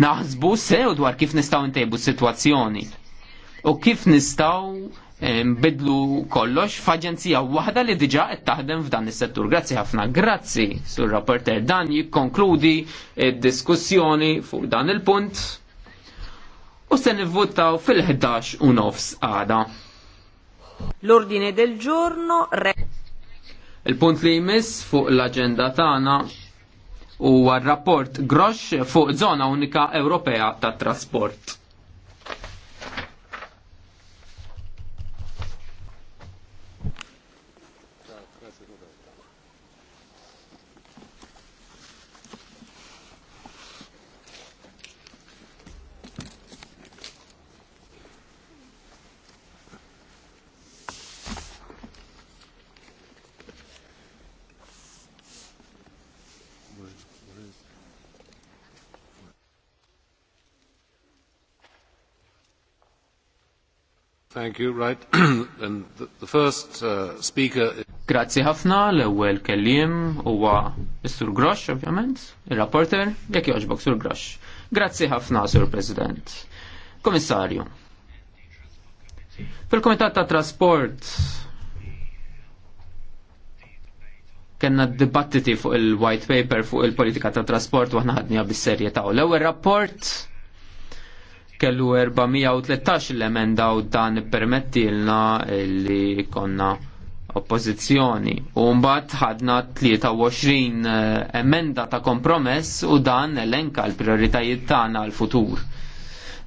naħsbu sew dwar kif nistaw ntejbu situazzjoni u kif nistaw nbidlu kollox f'aġenzija waħda li diġa qed taħdem f'dan is-settur. Grazzi ħafna, grazzi sur rapporter dan jikkonkludi d diskussjoni fuq dan il-punt u se nivvutaw fil-11 u nofs għada. L-ordine del giorno re. Il-punt li jmiss fuq l-agenda tagħna u rapport Grosh fuq zona unika Ewropea tat trasport. Thank you, uh, Grazzi ħafna l-ewwel kelliem huwa Sur Grosh, ovvjament, ir-rapporter, jekk jogħġbok Sur Grosh. Grazzi ħafna, Sur President. Komissarju, fil-Komitat ta' Trasport kena dibattiti fuq il-white paper fuq il-politika ta' trasport u ħna ħadnija bis-serjetà u l-ewwel rapport kellu 413 l-emenda u dan permettilna li konna oppozizjoni. U mbagħad ħadna 23 eh, emenda ta' kompromess u dan elenka l-prioritajiet tagħna għall futur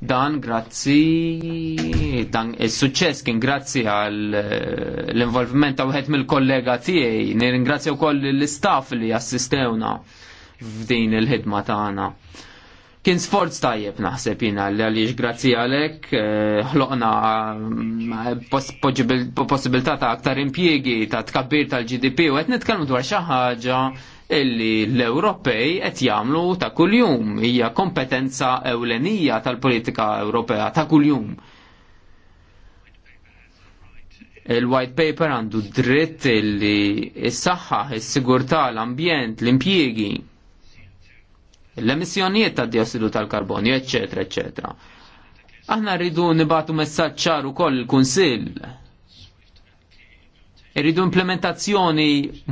Dan grazzi dan is-suċċess kien grazzi għall eh, l-involviment ta' wieħed mill-kollega tiegħi. Nirringrazzja wkoll l-istaff li assistewna f'din il-ħidma tagħna. Kien sforz tajjeb naħseb jina għaliex grazzi għalek eh, ħloqna eh, possibilità ta' aktar impjiegi ta' tkabbir tal-GDP u qed nitkellmu dwar xi ħaġa illi l-Ewropej qed jagħmlu ta' kuljum hija kompetenza ewlenija tal-politika Ewropea ta' kuljum il-white paper għandu dritt li s saħħa s sigurta l-ambjent, l-impjiegi l-emissjonijiet ta' diossidu tal-karbonju, eccetera, eccetera. Aħna rridu nibatu messaġġ ċaru kol il-Kunsill. Rridu implementazzjoni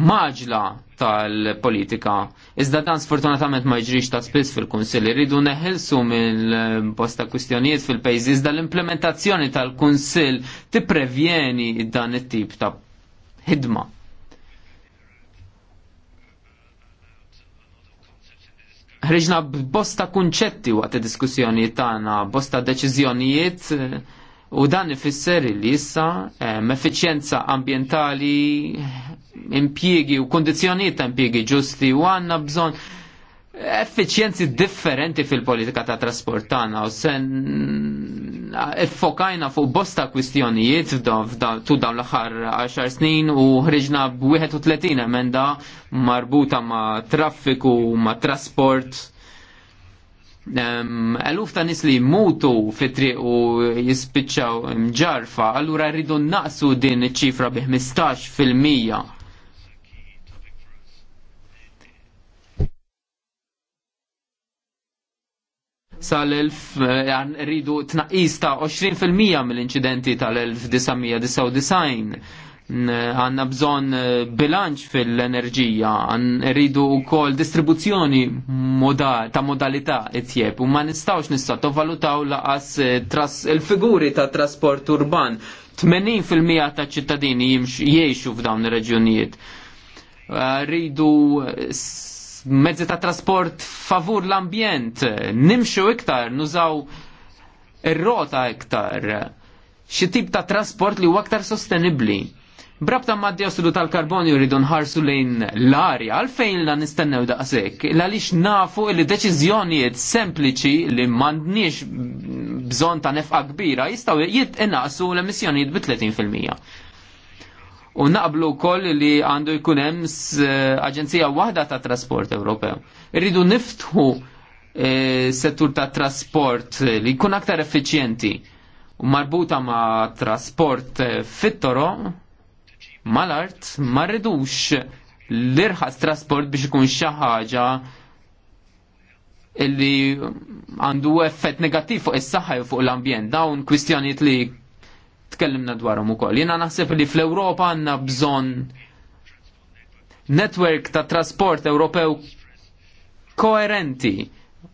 maġla tal-politika. Iżda dan sfortunatament ma jġrix ta' spiss fil-Kunsill. Rridu neħilsu mill-posta kwistjonijiet fil-pejzi. Iżda l-implementazzjoni tal-Kunsill tipprevjeni dan it-tip ta' ħidma. ħriġna b'bosta kunċetti waqt id-diskussjoni tagħna, bosta deċiżjonijiet eh, u dan ifisser li issa eh, effiċjenza ambientali impjiegi u kundizzjonijiet ta' impjiegi ġusti u għandna bżonn effiċjenzi differenti fil-politika ta' trasport tagħna u sen effokajna fuq bosta kwistjonijiet tu dawn l-aħħar 10 snin u ħriġna b-31 emenda marbuta ma' traffiku, ma' trasport. Eluf ta' nis li mutu fitri u jispiċċaw mġarfa, allura rridu naqsu din iċ-ċifra bi 15 fil-mija sal-1000 eh, rridu tnaqis ta' 20% mill-inċidenti tal-1999 għanna bżon eh, bilanċ fil-enerġija, rridu kol distribuzzjoni ta' modalità itjeb, u ma nistawx to' valutaw laqas eh, il-figuri ta' trasport urban. 80% ta' ċittadini jiexu f'dawn ir-reġjonijiet. Rridu mezzi ta' trasport favur l-ambjent, nimxu iktar, nużaw ir-rota iktar, xi tip ta' trasport li huwa aktar sostenibbli. Brabta ma' diossidu tal-karbonju rridu nħarsu lejn l-arja, għalfejn la nistennew daqshekk, għaliex nafu li deċiżjonijiet sempliċi li m'għandniex bżonn ta' nefqa kbira jistgħu jitqinaqsu l-emissjonijiet bi 30%. U naqblu kol li għandu jkun hemm eh, aġenzija waħda ta' trasport Ewropew. Irridu niftħu eh, settur ta' trasport eh, li jkun aktar effiċjenti u marbuta ma' trasport fit-toro mal-art ma rridux l-irħas trasport biex ikun xi ħaġa illi għandu effett negattiv fuq is-saħħa u fuq l-ambjent. Dawn kwistjonijiet li tkellimna dwarhom ukoll. Jiena naħseb li fl-Ewropa għandna bżonn netwerk ta' trasport Ewropew koerenti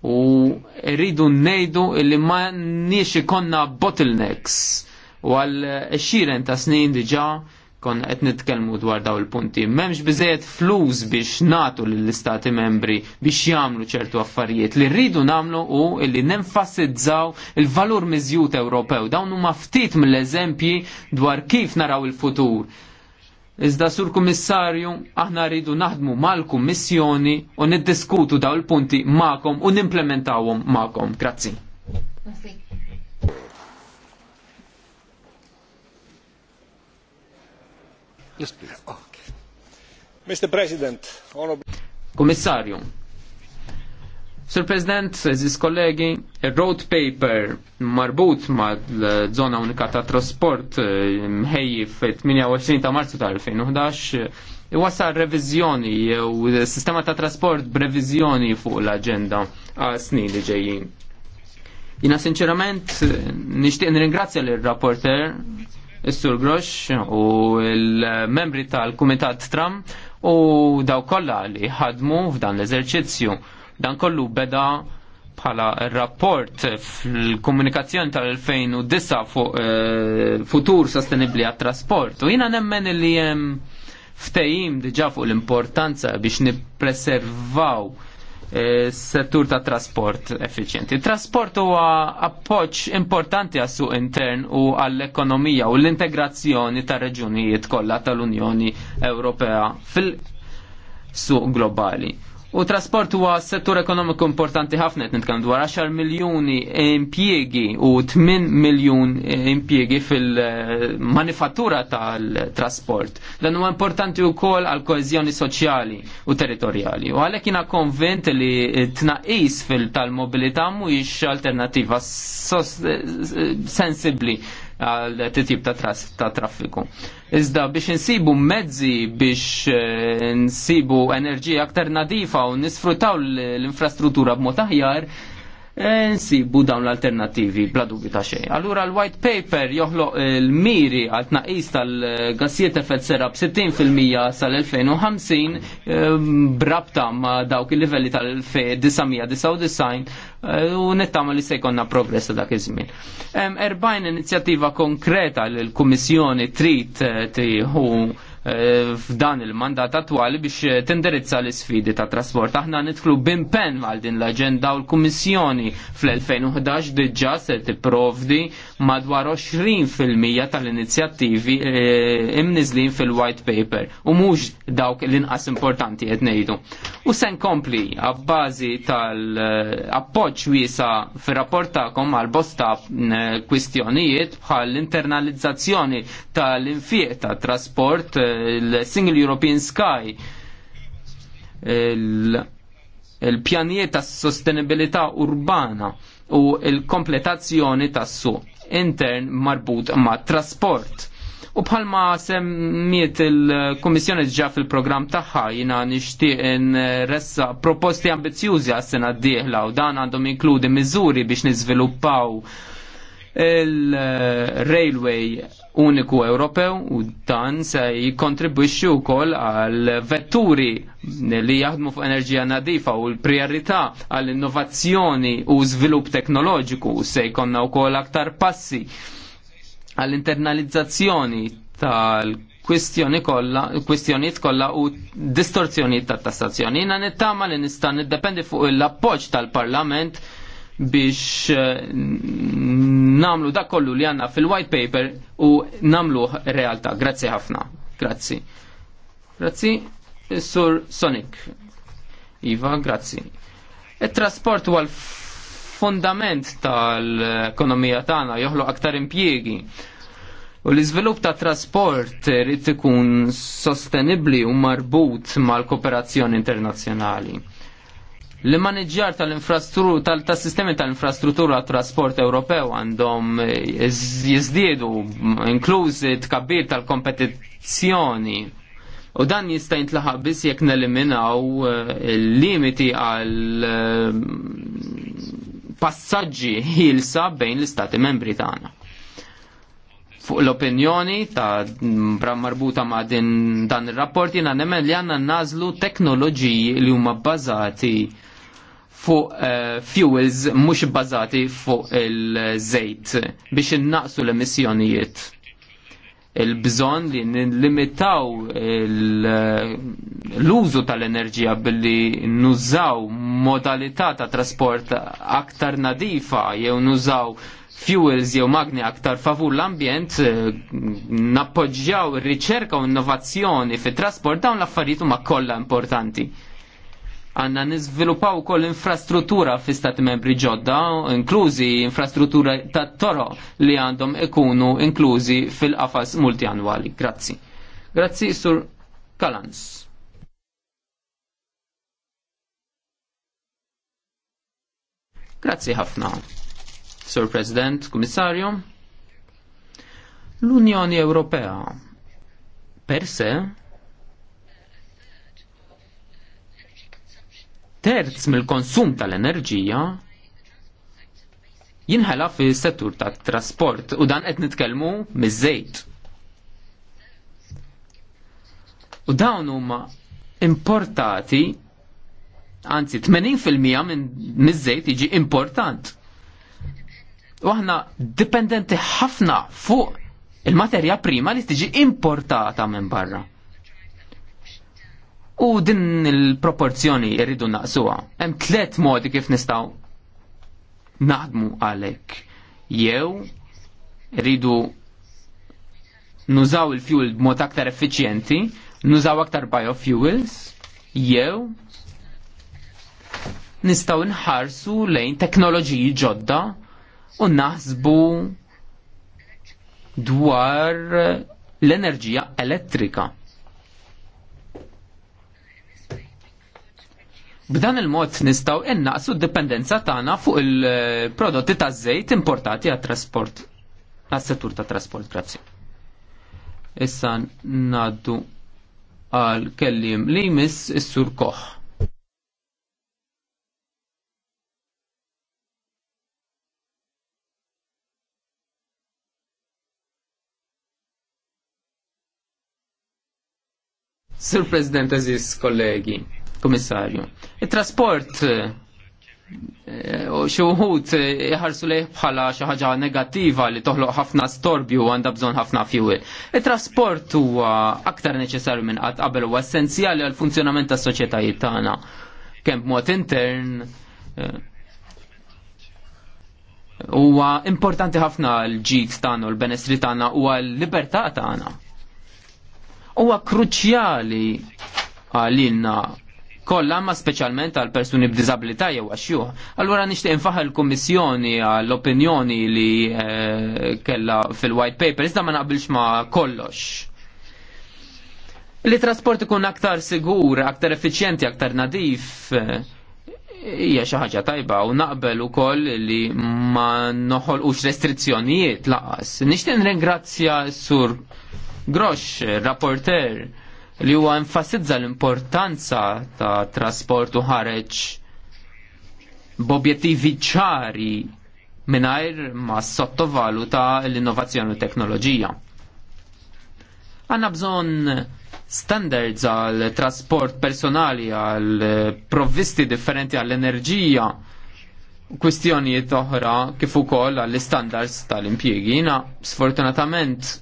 u rridu ngħidu li ma nix ikonna bottlenecks u għal xiren ta' snin diġa' kon qed nitkellmu dwar daw il-punti. M'hemmx biżejjed flus biex natu lill-istati membri biex jagħmlu ċertu affarijiet li rridu nagħmlu u li nenfasizzaw il-valur miżjut Ewropew. Dawn huma ftit mill-eżempji dwar kif naraw il-futur. Iżda sur kummissarju, aħna rridu naħdmu mal-kummissjoni u niddiskutu daw il-punti ma'kom u nimplementawhom ma'kom. Grazzi. Yes, sur President, honorable... Komissarju, Sir eżis kollegi, road paper marbut ma l-zona unika ta' trasport eh, mħejji f-28 ta' marzu ta' 2011 wasal revizjoni jew sistema ta' trasport b'revizjoni fuq l-agenda għal snin li ġejjin. Jina sinċerament eh, nishtiq nirringrazzja l-rapporter Is-Sur Grosh u l-membri tal-Kumitat Tram u daw kollha li ħadmu f'dan l-eżerċizzju. Dan kollu beda bħala rapport fil-komunikazzjoni tal-2009 fuq uh, eh, futur sostenibli għat trasport u jina nemmen li jem ftejim diġa fuq l-importanza biex nipreservaw E, settur ta' trasport effiċjenti. Trasport huwa appoġġ importanti għas suq intern u għall-ekonomija u l-integrazzjoni ta' reġunijiet kollha tal-Unjoni Ewropea fil-suq globali. U trasport huwa settur ekonomiku importanti ħafna qed nitkellem dwar 10 miljuni impjiegi u 8 miljun impjiegi fil-manifattura tal-trasport. Dan huwa importanti wkoll għal koeżjoni soċjali u territorjali. U għalhekk jiena konvint li tnaqis fil tal-mobilità mhuwiex alternattiva eh, sensibbli għal titjib ta' tras ta' traffiku. Iżda biex insibu mezzi biex eh, nsibu enerġija aktar nadifa u nisfrutaw l-infrastruttura b'mod aħjar, E, nsibu dawn l-alternativi bla dubju ta' xejn. Allura l-white paper joħloq il-miri e, għal tnaqis tal-gassijiet effett sera b-60% sal-2050 e, brabta ma' dawk il-livelli tal-1999 u nittama li se jkollna progress dak iż-żmien. Erbajn inizjattiva konkreta l-Kummissjoni trid tieħu Eh, f'dan il-mandat attwali biex eh, tindirizza l isfidi ta' trasport. Aħna nidħlu pen għal din l-agenda u l-Kummissjoni fl-2011 diġà se tipprovdi madwar 20% tal-inizjattivi eh, imniżlin fil-White Paper u mhux dawk l-inqas importanti qed ngħidu. U se nkompli għabbażi tal-appoġġ wiesa fir-rapport tagħkom għal bosta kwistjonijiet bħal l-internalizzazzjoni tal infieq ta' trasport il-Single European Sky, il-pjanijiet ta' sostenibilità urbana u il-kompletazzjoni tas su intern marbut ma' trasport. U bħalma semmiet il-Komissjoni ġa fil-program taħħa jina nishtiq ressa proposti ambizjużi għas-sena d-dieħla u dan għandhom inkludi miżuri biex nizviluppaw il-Railway Uniku Ewropew u dan se jikontribwixxi wkoll għal vetturi li jaħdmu fuq enerġija nadifa u l-prijarità għall innovazzjoni u żvilupp teknoloġiku se jkollna wkoll aktar passi għall internalizzazzjoni tal kwistjoni kolla, kwistjoniet kolla u distorzjoniet ta' tassazzjoni. Jina nittama li nista' niddependi fuq l-appoġġ tal-Parlament biex eh, namlu dak kollu li għanna fil-white paper u namlu realtà. Grazzi ħafna. Grazzi. Grazzi, Sur Sonic. Iva, grazzi. Il-trasport huwa l-fundament tal-ekonomija tagħna joħlu aktar impjiegi. U l-iżvilupp ta' trasport irid ikun sostenibbli u marbut mal-kooperazzjoni internazzjonali. L-manager tal-infrastruttura, tal-sistemi tal-infrastruttura trasport Ewropew għandhom eh, jizdiedu, inklużi tkabbir tal-kompetizzjoni. U dan jista' jintlaħaq biss jekk neliminaw eh, il-limiti għal eh, passaġġi ħilsa bejn l-istati membri tagħna fuq l-opinjoni ta' marbuta ma' din dan il-rapport jina nemmen li għanna nazlu teknoloġiji li huma bbażati fuq uh, fuels mhux bbażati fuq il-żejt biex innaqsu l-emissjonijiet. Il-bżon li nlimitaw l-użu tal-enerġija billi nużaw modalità ta' trasport aktar nadifa jew nużaw fuels jew magni aktar favur l-ambjent eh, nappoġġjaw ir-riċerka u innovazzjoni fit-trasport dawn l-affarijiet huma kollha importanti. Għanna niżviluppaw ukoll infrastruttura fi stati membri ġodda, inklużi infrastruttura ta' toro li għandhom ikunu inklużi fil-qafas multianwali. Grazzi. Grazzi, Sur Kalans. Grazzi ħafna. Sur President, Kummissarju. L-Unjoni Ewropea per se terz mill-konsum tal-enerġija jinħela fi settur tat trasport u dan qed nitkellmu miż-żejt. U dawn huma importati anzi 80% minn miż-żejt jiġi importat. U aħna dipendenti ħafna fuq il-materja prima li tiġi importata minn barra. U din il-proporzjoni irridu naqsuha. Hemm tliet modi kif nistgħu naħdmu għalhekk. Jew rridu nużaw il-fuel b'mod aktar effiċjenti, nużaw aktar biofuels, jew nistgħu nħarsu lejn teknoloġiji ġodda u naħsbu dwar l-enerġija elettrika. B'dan il-mod nistaw innaqsu d-dipendenza tagħna fuq il-prodotti taż-żejt importati għat-trasport għas-settur ta' trasport. Grazzi. Issa naddu għal kellim li jmiss is-sur Sur President Aziz, kollegi, komissarju, il-trasport u eh, xuħut jħarsu eh, leħ bħala xaħġa negattiva li toħloq ħafna storbju u għanda bżon ħafna fuel. Il-trasport huwa aktar neċessarju minn qatt qabel u essenzjali għal funzjonament tas soċjetajiet tagħna. Kemm b'mod intern eh, huwa importanti ħafna l-ġid tagħna u l benestri tagħna u għal-libertà tagħna huwa kruċjali għalina kollha ma speċjalment għal persuni b'diżabilità jew għaxjuħ. Allura nixtieq nfaħ il-Kummissjoni għall-opinjoni li eh, kella kellha fil-white paper, iżda ma naqbilx ma' kollox. Li trasport ikun aktar sigur, aktar effiċjenti, aktar nadif, eh, hija xi ħaġa tajba u naqbel ukoll li ma noħolqux restrizzjonijiet laqas. Nixtieq s sur Grosh, rapporter, li huwa enfasizza l-importanza ta' trasport u ħareġ b'objettivi ċari mingħajr ma sottovaluta l-innovazzjoni u teknoloġija. Għanna bżon standards għal trasport personali, għal provvisti differenti għall enerġija kwistjonijiet oħra kif ukoll għall standards tal-impjiegi. sfortunatament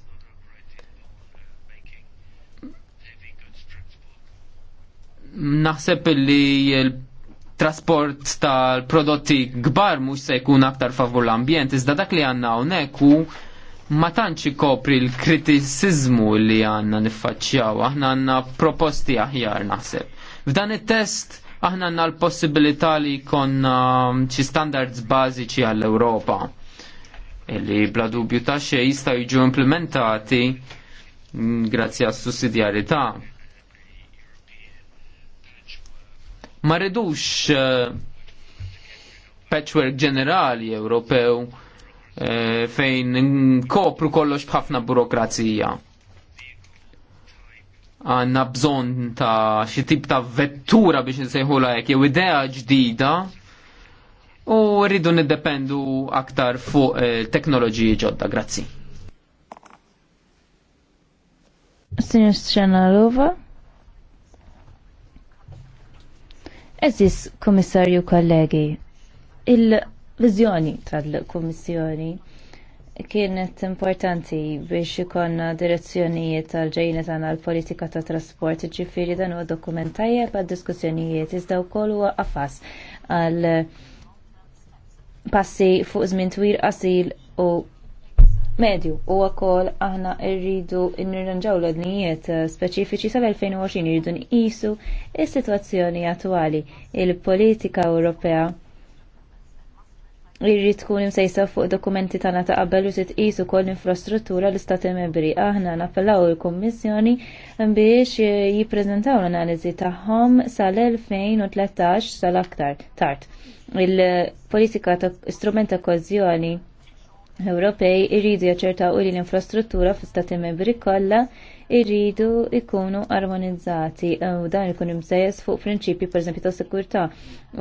naħseb li l-trasport tal-prodotti kbar mhux se jkun aktar favur l-ambjent, iżda dak li għandna hawnhekk hu ma tantx ikopri l-kritiċiżmu li għandna niffaċċjaw, aħna għandna proposti aħjar naħseb. F'dan it-test aħna għandna l-possibilità li jkollna um, xi standards bażiċi għall-Ewropa li bla dubju ta' xejn jistgħu jiġu implementati mm, grazzi għas sussidjarità Ma ridux eh, patchwork ġenerali Ewropew eh, fejn kopru kollox bħafna burokrazija. Għanna bżon ta' xi tip ta' vettura biex nsejħula hekk jew idea ġdida u rridu niddependu aktar fuq eh, teknoloġiji ġodda. Grazzi. Signor Strena Lova. Eżis, komissarju kollegi, il-vizjoni tal-komissjoni kienet importanti biex ikonna direzzjonijiet tal-ġejna tagħna l-politika ta' trasport, ġifiri dan huwa dokument tajjeb għad diskussjonijiet iżda wkoll huwa qafas għal passi fuq żmien twir qasil u medju u wkoll aħna rridu nirranġaw l għadnijiet eh, speċifiċi sal-2020 irridu nqisu is-sitwazzjoni attwali il-politika Ewropea irrid tkun imsejsa fuq dokumenti tagħna ta' qabel u qisu kol infrastruttura l-istati membri. Aħna nappellaw il-Kummissjoni biex jippreżentaw l-analiżi tagħhom sal-2013 sal-aktar tard. Il-politika ta' strument ta' kozjoni Ewropej irridu jaċertaw li l-infrastruttura fl istati membri kollha irridu ikunu armonizzati u dan ikun imsejjes fuq prinċipji esempio ta' sikurtà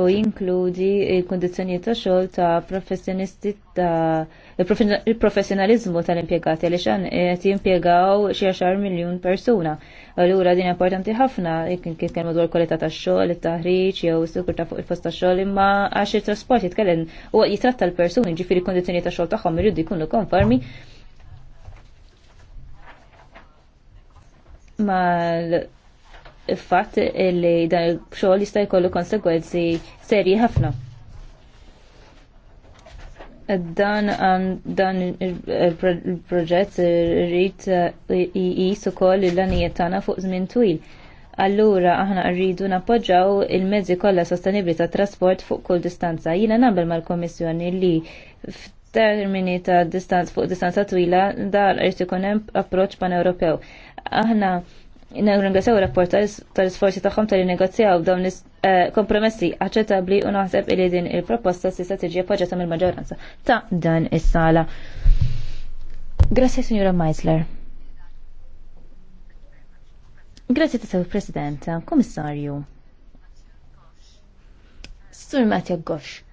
u jinkludi kundizzjonijiet ta' xogħol ta' professjonisti ta' il-professjonaliżmu tal-impjegati għaliex qed jimpjegaw xi għaxar miljun persuna Allura din importanti ħafna, jekk kien madwar kwalità tax-xogħol, it-taħriġ jew sukur ta' fuq il fost tax-xogħol, imma għax it-trasport jitkellem u jitratta l-persuni, ġifieri kondizzjoni tax-xogħol tagħhom irridu jkunu konformi mal l fatt li dan il-xogħol jista' jkollu konsegwenzi serji ħafna. Dan um, dan il-proġett rrid jqis uh, ukoll il-lanijiet tagħna fuq żmien twil. Allura aħna rridu nappoġġaw il-mezzi kollha sostenibbli ta' trasport fuq kull distanza. Jiena nagħmel mal-Kommissjoni li f'termini ta' distanza fuq distanza twila dar irid ikun hemm approċċ pan-Ewropew. Aħna Nirringrazzjaw il-rapport tal-isforzi tagħhom tal negozjaw dawn eh, kompromessi aċċettabbli u naħseb li din il-proposta se tiġi appoġġjata mill-maġġoranza ta' dan is-sala. Grazzi, Signora Meisler. Grazzi ta' Presidenta, Komissarju. Sur Matja Gosh.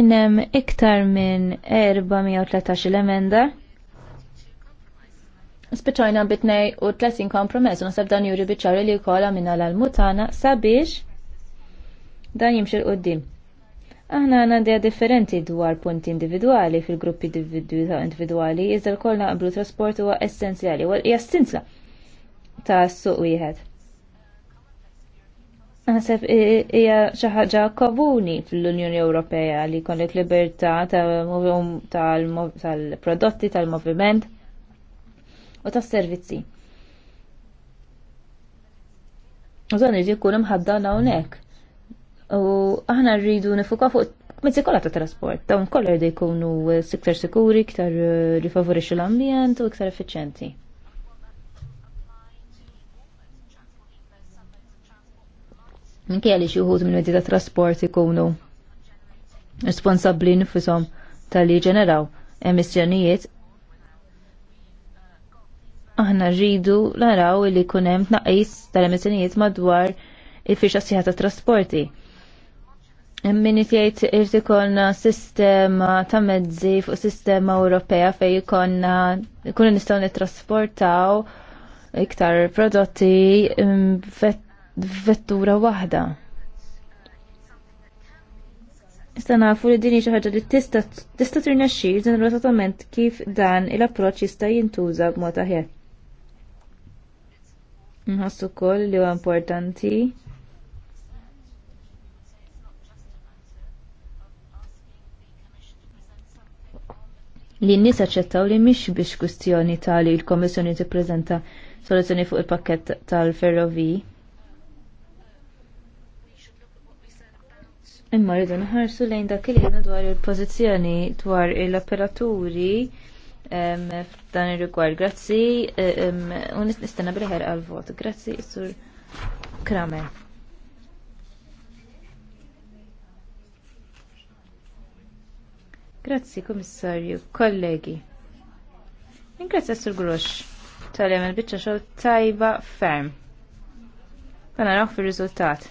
hemm iktar minn 413 emenda Spiċajna bitnej u 30 kompromess, unasab dan juri biċari li kola minna l-mutana sabiex dan jimxil qoddim. Aħna għana dea differenti dwar punti individuali fil-gruppi individuali, iżda kolna għablu trasport huwa essenzjali, għal jassinsla ta' suq wieħed. Naħseb hija xi ħaġa komuni fl-Unjoni Ewropea li jkollek libertà tal-prodotti tal-moviment. tal prodotti tal moviment u tas-servizzi. U dan irid jkun imħaddan hawnhekk. U aħna rridu nifuka fuq mezzi kollha ta' trasport, dawn kollha jrid jkunu eh, iktar sikuri, iktar eh, rifavorixxu l-ambjent u iktar effiċjenti. Minkejja kelli xi wħud minn mezzi ta' trasport ikunu responsabbli nifushom tal-li ġeneraw emissjonijiet aħna rridu naraw li kunem tnaqis tal-emissjonijiet madwar il-firxa siħat ta' trasporti. Min jgħid irid ikollna sistema ta' mezzi fuq sistema Ewropea fejn ikonna ikunu nistgħu nittrasportaw iktar prodotti mm, vettura waħda. Nista nafu li din xi ħaġa li tista' tista' tirnexxir dan il kif dan l-approċċ jista' jintuża b'mod aħjar. Nħassu wkoll li huwa importanti li n-nies aċċettaw li mhix biex kwistjoni tali l-Kommissjoni tippreżenta soluzzjoni fuq il-pakkett tal-ferroviji. Imma rridu naħarsu lejn dak li dwar il-pożizzjoni dwar l-operaturi il f'dan ir-rigward. Grazzi u nistenna bil-ħer għal-vot. Grazzi, Sur Kramer. Grazzi, Komissarju, kollegi. Ingrazzja Sur Grosh tal il bicċa xogħol tajba ferm. Dan naraw fir-riżultat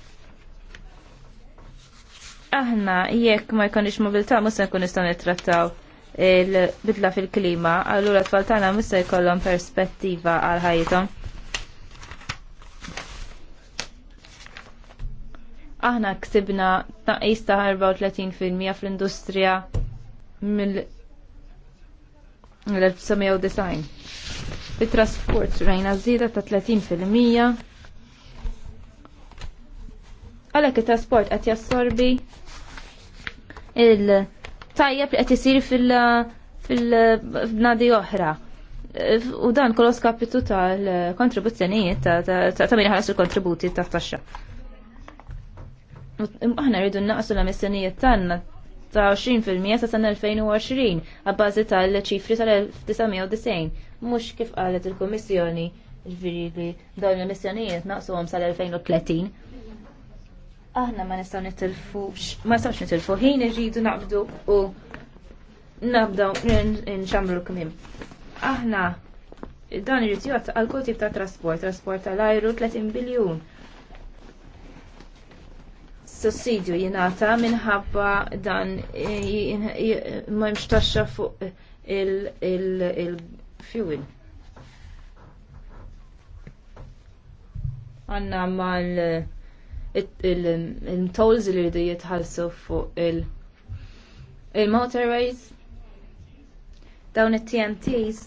aħna jekk ma jkunx mobilità musa se nkun nistgħu nittrattaw il-bidla fil-klima, allura t-tfal tagħna mista jkollhom perspettiva għal ħajjithom. Aħna ksibna taqis ta' 34% fl-industrija mill-1990. Fit-trasport rajna żieda ta' 30% għalhekk it-trasport qed jassorbi il- tajjeb li qed isir fil-nadi oħra. U dan kolos kapitu tal-kontribuzzjonijiet ta' min ħares il-kontributi ta' taxxa. Aħna rridu naqsu la missjonijiet tagħna ta' 20% sa' sena 2020 għabbażi tal-ċifri tal-1990. Mhux kif qalet il-Kummissjoni ġviri li dawn l-missjonijiet naqsuhom sal-2030 aħna ma nistgħu nitilfu ma nistgħux nitilfu ħin irridu naqbdu u nabdaw nxamlu kmim. Aħna dan irid jgħat għal kull tip ta' trasport, trasport tal-ajru 30 biljun. Sussidju jingħata minħabba dan ma jimx fuq il-fuel. Għanna mal- il-tolls li jridu jitħallsu fuq il-motorways dawn it-TNTs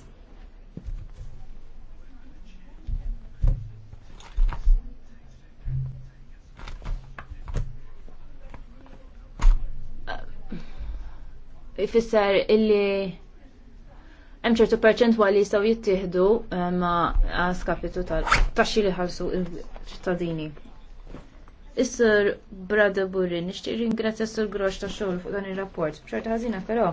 ifisser illi hemm ċertu perċentwali jistgħu jittieħdu eh, ma skapitu tax-xi li ħarsu l-ċittadini. Is-sur Brada Burri, nixtieq ringrazzja sur Grosh ta' xogħol fuq dan ir-rapport. B'xorta ħażina però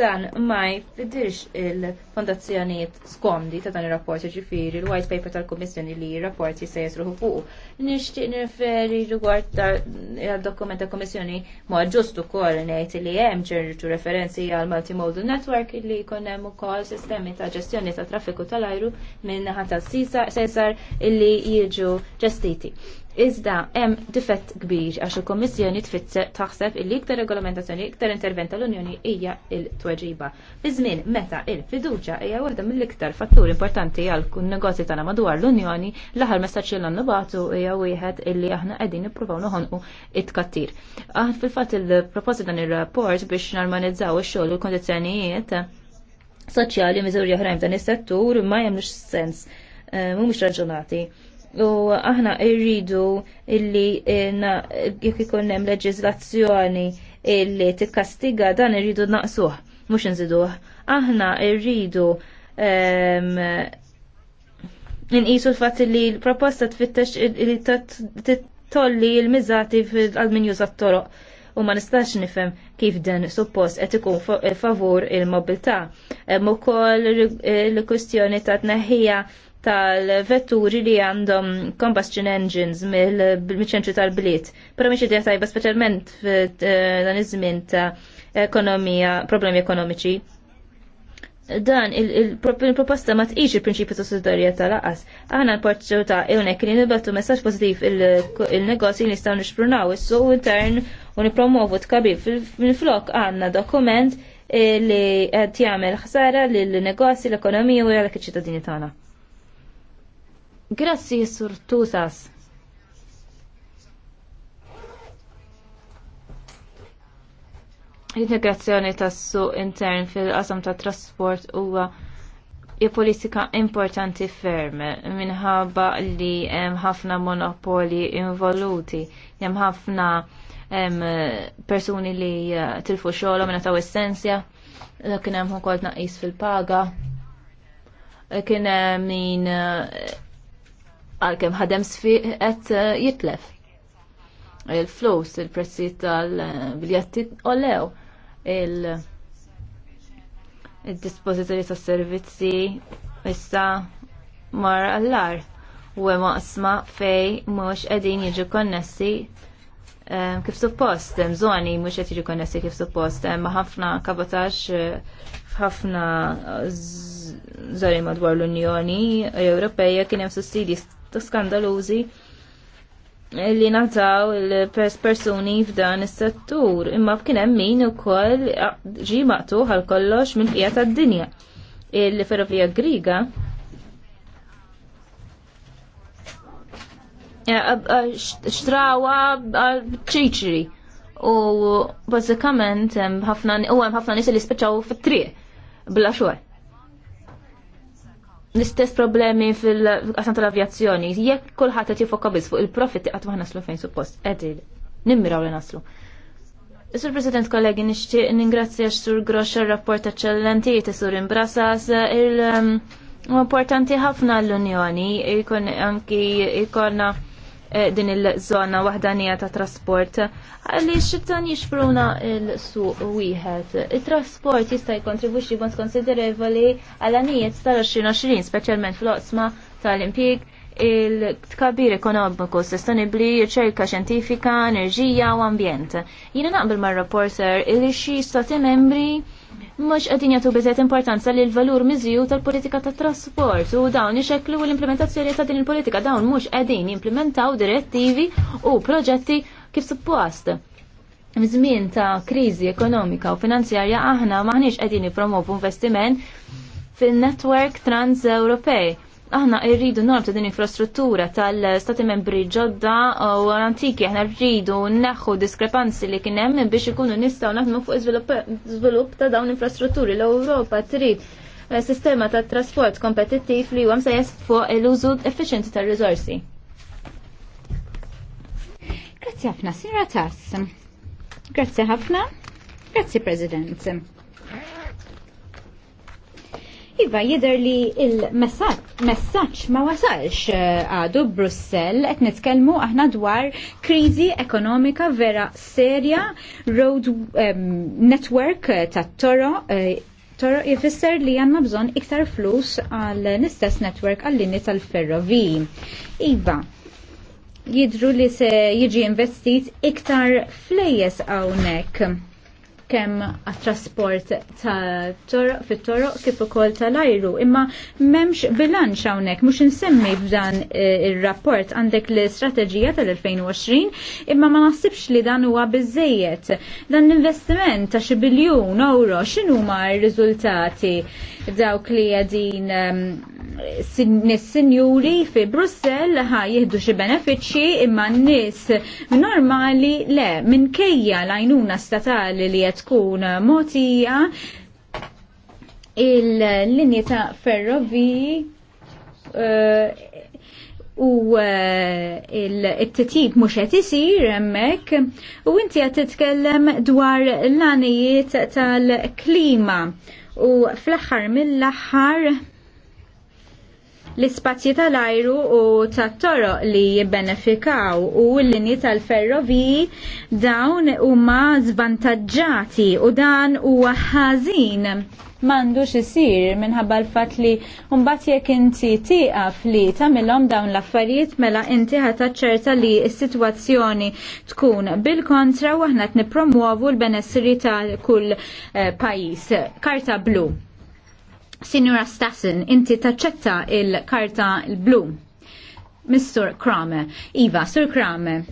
dan ma jfidirx il-fondazzjonijiet skomdi ta' dan ir-rapport ġifieri l-white paper tal-Kummissjoni li r-rapporti se jesruħu fuq. Nixtieq nirreferi rigward tal-dokument ta' Kummissjoni ma ġust ukoll ngħid li hemm ġerġu referenzi għal multimodal network li jkun hemm ukoll sistemi ta' ġestjoni ta' traffiku tal-ajru minn naħa ta' sesar illi jiġu ġestiti. Iżda hemm difett kbir għax il-Kommissjoni tfittse taħseb illi iktar regolamentazzjoni iktar intervent tal-Unjoni hija l tweġiba Fi żmien meta il-fiduċja hija waħda mill-iktar fattur importanti għal negozji tagħna madwar l-Unjoni, l-aħħar messaġġ li nbagħtu hija wieħed illi aħna qegħdin nippruvaw noħonqu it-kattir. Aħna fil-fatt il proposti dan ir-rapport biex normalizzaw ix-xogħol u l-kondizzjonijiet soċjali miżuri oħrajn f'dan is-settur ma jemlux sens eh, mhumiex raġunati u aħna irridu illi eh, jekk ikun hemm leġiżlazzjoni illi tikkastiga dan irridu naqsuh, mhux inżiduh. Aħna irridu ehm, inqisu l-fatt li l-proposta tfittex li tolli l-miżati għal-min jużat toroq u ma nistax nifhem kif den suppost qed ikun favur il-mobilità. Hemm ukoll eh, l-kwistjoni ta' tneħħija tal-vetturi li għandhom combustion engines mill-ċentri tal-bliet. Pero miex idea tajba specialment eh, dan iż-żmien ta' ekonomija, problemi ekonomiċi. Dan il-proposta ma tqix il-prinċipju ta' solidarjetà laqas. Aħna l-parċu ta' hawnhekk li nibgħatu messaġġ pożittiv il-negozji li nistgħu nixprunaw is u intern u nipromovu tkabib fil-flok għandna dokument eh, li qed jagħmel ħsara lill-negozji, l-ekonomija u għalhekk iċ-ċittadini tagħna. Grazzi, Sur Tusas. L-integrazzjoni tas-suq intern fil-qasam tat trasport huwa hija politika importanti ferm minħabba li hemm ħafna monopoli involuti, hemm ħafna persuni li eh, tilfu xogħol minn taw essenzja, kien hemm ukoll tnaqqis fil-paga, kien min eh, għalkemm ħadem sfiq qed eh, jitlef. Il-flus, il-prezzi tal-biljetti olew, il-dispożitori tas servizzi issa mar allar u hemm maqsma fej mhux qegħdin jiġu konnessi eh, kif suppost, hemm żoni mhux qed jiġu konnessi kif suppost, hemm ħafna kabotax f'ħafna żoni madwar l-Unjoni Ewropea kien hemm sussidji ta' skandalużi li nataw il-personi f'dan is-settur, imma f'kien hemm min ukoll ġi maqtuħ għal kollox minn qiegħed tad-dinja. Il-ferrovija Griga xtrawa għal ċiċri u bazzikament hemm ħafna nies li spiċċaw fit-triq bla xogħol l-istess problemi fil-qasam tal-avjazzjoni. Jekk kulħadd qed jifokka biss fuq il-profit qatt ma naslu fejn suppost. Edil. nimmiraw li naslu. Sur President kollegi, nixtieq ningrazzja sur Grosh rapport eċċellenti sur imbrasas il- um, importanti ħafna l-Unjoni, ikon anki ikonna Eh, din il-żona waħdanija ta' trasport għaliex xittan jixfruna il-suq wieħed. Il-trasport jista' jkontribwixxi bont konsiderevoli għal anijiet tal-2020, speċjalment fl-oqsma tal-impjieg il-tkabir ekonomiku sostenibli, riċerka xjentifika, enerġija u ambjent. Jiena naqbel mar-reporter illi xi stati membri mhux qegħdin jatu bizet importanza l valur miżju tal-politika tat trasport u dawn ixekklu l-implementazzjoni ta' din il-politika dawn mhux qegħdin jimplementaw direttivi u proġetti kif suppost. Mizmin ta' kriżi ekonomika u finanzjarja aħna maħniex qegħdin nippromovu investiment fin netwerk trans europej aħna irridu nortu din infrastruttura tal-stati membri ġodda u antiki aħna rridu neħu diskrepanzi li kien hemm biex ikunu nistgħu naħdmu fuq il-żvilupp ta' dawn infrastrutturi l-Ewropa trid eh, sistema ta' trasport kompetittiv li huwa msejjes fuq l-użu efficienti tar-riżorsi. Grazzi ħafna, Sinra Tass. Grazzi ħafna. Grazzi, President. Iva, jider li il-messaċ ma wasalx eh, għadu Brussel, et nitkelmu aħna dwar krizi ekonomika vera serja, road um, network eh, ta' toro, uh, toro jifisser li għanna bżon iktar flus għal nistess network għall-linni tal-ferrovi. Iva, jidru li se jiġi investit iktar flejes għawnek kemm għat-trasport fit toro kif ukoll tal-ajru. Imma m'hemmx bilanċ hawnhekk mhux insemmi b'dan e, ir-rapport għandek l-istrateġija tal-2020 imma ma naħsibx li dan huwa biżejjed. Dan l-investiment ta' xi biljun euro x'inhuma r-riżultati? dawk li għadin ehm, nis-sinjuri fi Brussel ħa jihdu xi benefiċċji imma n-nies normali le minkejja l-għajnuna statali li qed tkun motija il-linji ta' ferrovi eh, u eh, il-titib mux qed isir hemmhekk u inti qed titkellem dwar l-għanijiet tal-klima u fl axar mill axar l-ispazji tal-ajru u tat-toro li jibbenefikaw u l-linji tal-ferroviji dawn huma zvantagġati u dan huwa ħażin mandu xisir minħabba l-fat li mbagħad jekk inti tieqaf li tagħmilhom dawn l-affarijiet mela inti ċerta li s-sitwazzjoni tkun bil-kontra u aħna t-nipromuovu l-benessiri ta' kull eh, pajjiż. Karta blu. Signora Stassen, inti taċċetta il-karta l-blu. Mr. Kramer. Iva, Sir Kramer.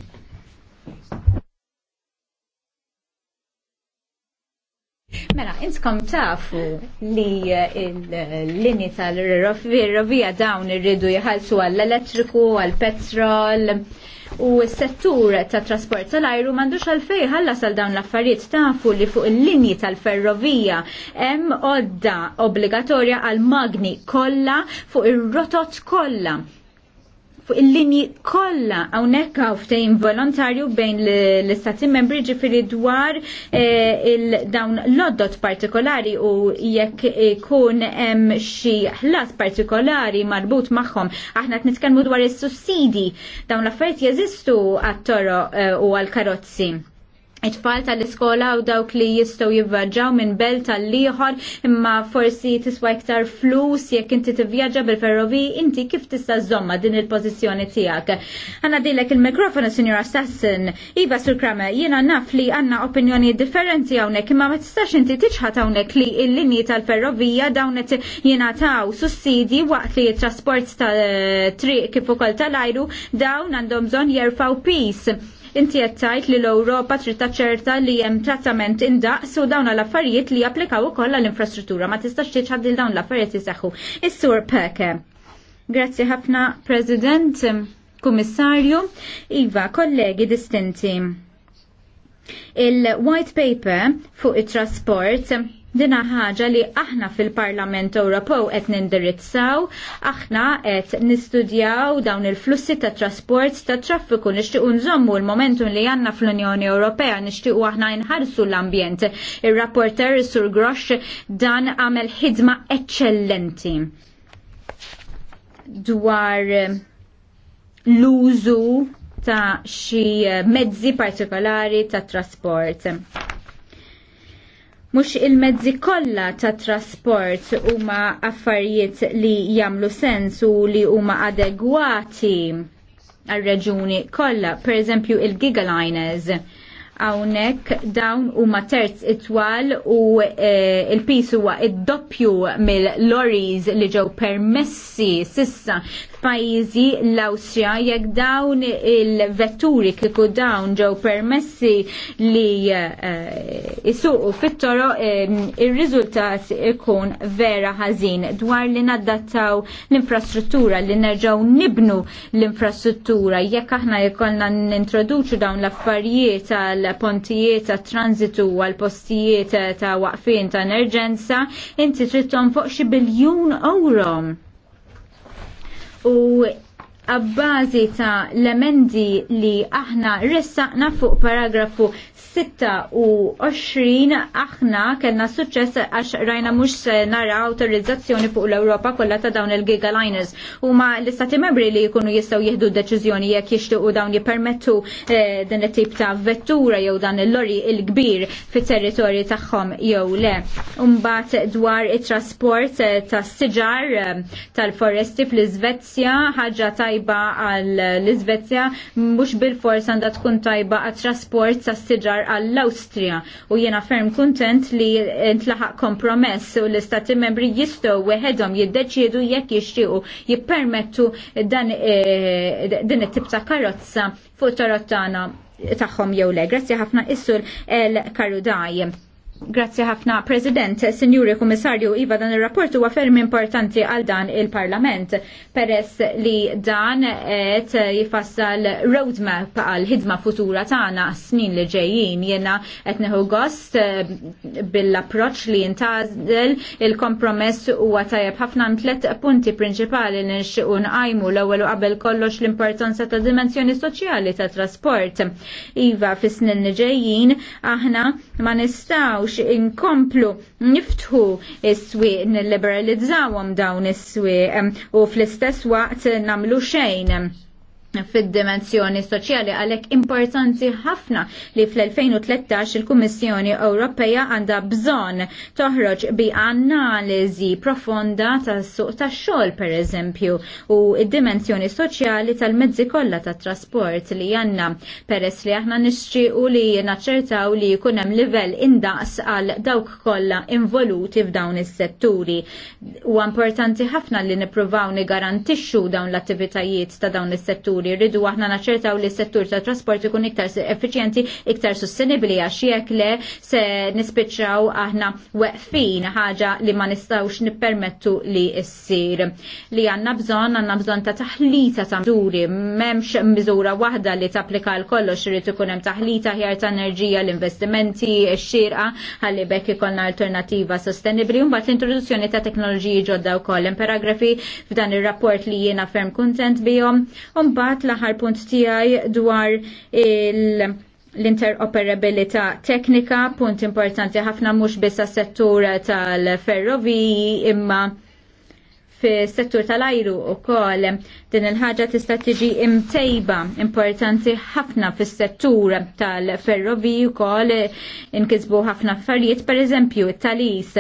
Mela, inskom tafu li eh, l-lini tal-rovija dawn irridu jħalsu għall-elettriku, għall-petrol, U s-settur ta' trasport tal-ajru mandux għalfej ħalla sal dawn l-affarijiet tafu li fuq il-linji tal-ferrovija hemm odda obbligatorja għal magni kollha fuq ir-rotot kollha fuq il-linji kollha hawnhekk hawn ftehim volontarju bejn l-istati membri ġifiri dwar eh, dawn l-oddot partikolari u jekk ikun hemm xi ħlas partikolari marbut magħhom. Aħna qed nitkellmu dwar is-sussidi dawn l-affarijiet jeżistu għat-toro eh, u għall-karozzi it-tfal tal-iskola u dawk li jistgħu jivvaġġaw minn belt tal-liħor imma forsi tiswa iktar flus jekk inti tivvjaġġa bil-ferrovi inti kif tista' żomma din il-pożizzjoni tiegħek. Għandna dilek il-mikrofonu Sinjor Assassin. Iva Sur Kramer, jiena naf li għandna opinjoni differenti hawnhekk imma ma tistax inti tiġħad hawnhekk li l-linji tal-ferrovija dawn qed jingħataw sussidi waqt li t-trasport tal-triq kif ukoll tal-ajru dawn għandhom bżonn jerfgħu peace Inti jettajt tgħid li l-Ewropa trid taċċerta li hemm trattament indaqs u dawn l-affarijiet li japplikaw ukoll għall-infrastruttura ma tistax tiċħaddil dawn l-affarijiet jisaħħu. Is-Sur Peke. Grazzi ħafna President, Kummissarju, Iva, kollegi distinti. Il-White Paper fuq it-trasport Dina ħaġa li aħna fil-Parlament Ewropew qed nindirizzaw, aħna qed nistudjaw dawn il-flussi ta' trasport ta' traffiku nixtiequ nżommu l-momentum li għandna fl-Unjoni Ewropea nixtiequ aħna nħarsu l-ambjent. Ir-rapporter Sur Grosh dan għamel ħidma eċċellenti dwar l-użu ta' xi mezzi partikolari ta' trasport. Mhux il-mezzi kollha ta' trasport huma affarijiet li jagħmlu sens u li huma adegwati għal-reġuni kollha, pereżempju il-gigaliners Hawnhekk dawn huma terz itwal u e, il-pis huwa id-doppju mill-lorries li ġew permessi sissa f'pajjiżi l-Awstrija jekk dawn il-vetturi kieku dawn ġew permessi li jisuqu e, fit-toro e, ir-riżultat ikun vera ħażin dwar li naddattaw l-infrastruttura li nerġgħu nibnu l-infrastruttura jekk aħna jkollna nintroduċu dawn l-affarijiet tal tal-pontijiet ta' transitu għal postijiet ta' waqfin ta' emerġenza inti trittom fuq xi biljun euro. U għabbażi ta' l-emendi li aħna ressaqna fuq paragrafu 26 aħna kellna suċċess għax rajna mhux nara autorizzazzjoni fuq l-Ewropa kollha ta' dawn il-gigaliners huma l-istati membri li jkunu jistgħu jieħdu deċiżjoni jekk jixtiequ dawn jippermettu eh, din it-tip ta' vettura jew dan il-lori il-kbir fit-territorju tagħhom jew le. Mbagħad dwar it-trasport eh, ta' siġar eh, tal-foresti fl-Iżvezja ħaġa ta' tajba għall izvezja mhux bil-fors għandha tkun tajba għat trasport sa' siġar għall-Awstrija u jiena ferm kuntent li ntlaħaq kompromess u l-istati membri jistgħu weħedhom jiddeċiedu jekk jixtiequ jippermettu dan e, din it-tip ta' karozza fuq tarottana tagħhom jew le. Grazzi ħafna issur el Karudaj. Grazzi ħafna, President, Sinjuri Kummissarju, Iva dan il-rapport huwa ferm importanti għal dan il-Parlament peress li dan qed jifassal roadmap għal ħidma futura tagħna snin li ġejjin jiena qed neħu gost eh, bil-approċċ li jintazdel il-kompromess huwa tajjeb ħafna tliet punti prinċipali li nixtiequ nqajmu l-ewwel qabel kollox l-importanza ta' dimensjoni soċjali ta' trasport. Iva fis-snin li ġejjin aħna ma nistgħu nistawx inkomplu niftħu is-swieq nilliberalizzawhom dawn is-swieq u fl-istess waqt namlu xejn fid-dimensjoni soċjali għalhekk importanti ħafna li fl-2013 il-Kummissjoni Ewropea għandha bżonn toħroġ bi analizi profonda tas-suq tax-xogħol pereżempju u d-dimensjoni soċjali tal-mezzi kollha tat-trasport li għandna peress li aħna nixtiequ li naċċertaw li jkun hemm livell indaqs għal dawk kollha involuti f'dawn is-setturi. Huwa importanti ħafna li nippruvaw nigarantixxu dawn l-attivitajiet ta' dawn is-setturi li rridu aħna naċċertaw li s-settur ta' trasport ikun iktar effiċjenti, iktar sostenibli għax jekk le se nispiċċaw aħna weqfin ħaġa li ma nistawx nippermettu li issir. Li għandna bżonn għandna bżonn ta' taħlita ta' mżuri, m'hemmx miżura waħda li tapplika l kollox irid ikun hemm taħlita ħjar ta' enerġija, l-investimenti, x-xirqa, ħalli bekk ikollna alternattiva sostenibli, u mbagħad l-introduzzjoni ta' teknoloġiji ġodda wkoll. Hemm paragrafi f'dan ir-rapport li jiena ferm kuntent bihom, Mbagħad l-aħħar punt tiegħi dwar il- l-interoperabilità teknika, punt importanti ħafna mhux biss settur tal-ferroviji imma fi settur tal-ajru u koll din il-ħagġa tista' tiġi imtejba importanti ħafna fis settur tal-ferrovi u inkisbu ħafna affarijiet per eżempju talis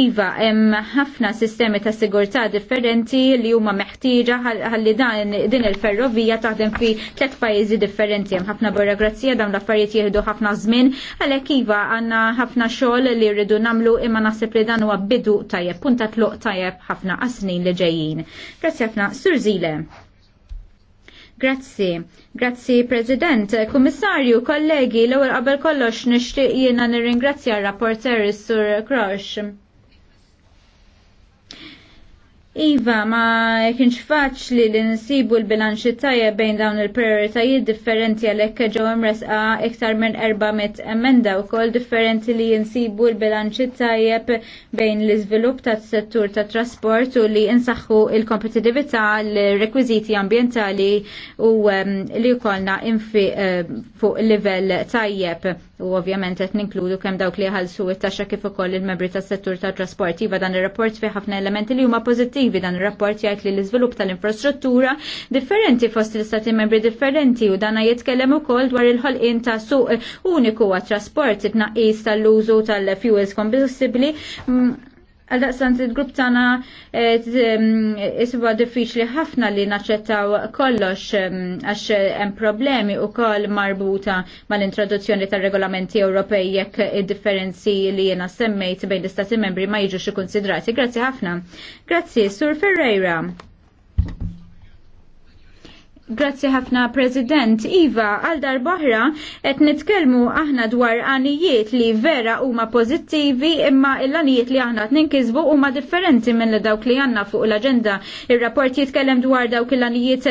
Iva, hemm ħafna sistemi ta' sigurtà differenti li huma meħtieġa ħalli dan din il-ferrovija taħdem fi tliet pajjiżi differenti hemm ħafna burokrazija dawn l-affarijiet jieħdu ħafna żmien għalhekk iva għandna ħafna xogħol li rridu nagħmlu imma naħseb li dan huwa bidu tajjeb punta tluq tajjeb ħafna għasnin snin li ġejjin. Grazzi ħafna, Surzile. Grazzi, grazzi President, Kummissarju, kollegi, l-ewwel qabel kollox nixtieq jiena nirringrazzja r-rapporter Sur Krosh Iva, ma kienx faċli li nsibu l-bilanċi tajja bejn dawn il-prioritajiet differenti għalhekk ġew imresqa iktar minn 400 emenda wkoll differenti li jinsibu l-bilanċi tajjeb bejn l-iżvilupp tas-settur tat trasport u li insaħħu l-kompetitività l-rekwiżiti ambjentali u ehm, li jkollna infi eh, fuq livell tajjeb u ovvjament qed ninkludu kemm dawk li ħalsu it-taxxa kif ukoll il-membri tas-settur tat-trasport. Iva dan ir-rapport fi ħafna elementi li huma pożittivi dan ir-rapport jgħid li l-iżvilupp tal-infrastruttura differenti fost l-istati membri differenti u dan jitkellem ukoll dwar il-ħolqien ta' suq uniku għat-trasport it-tnaqqis tal-użu tal-fuels kombustibbli mm, għal daqsan il-grupp tana eh, eh, iswa diffiċli ħafna li naċċettaw kollox ehm, għax eh, hemm problemi u koll marbuta mal-introduzzjoni tal-regolamenti Ewropej jekk id-differenzi li jena semmejt bejn l-istati membri ma jiġux konsidrati. Grazzi ħafna. Grazzi, Sur Ferreira. Grazzi ħafna President Iva, għal boħra qed nitkellmu aħna dwar għanijiet li vera huma pożittivi imma l-għanijiet li aħna qed ninkisbu huma differenti minn dawk li għandna fuq l-aġenda. Ir-rapport jitkellem dwar dawk l-għanijiet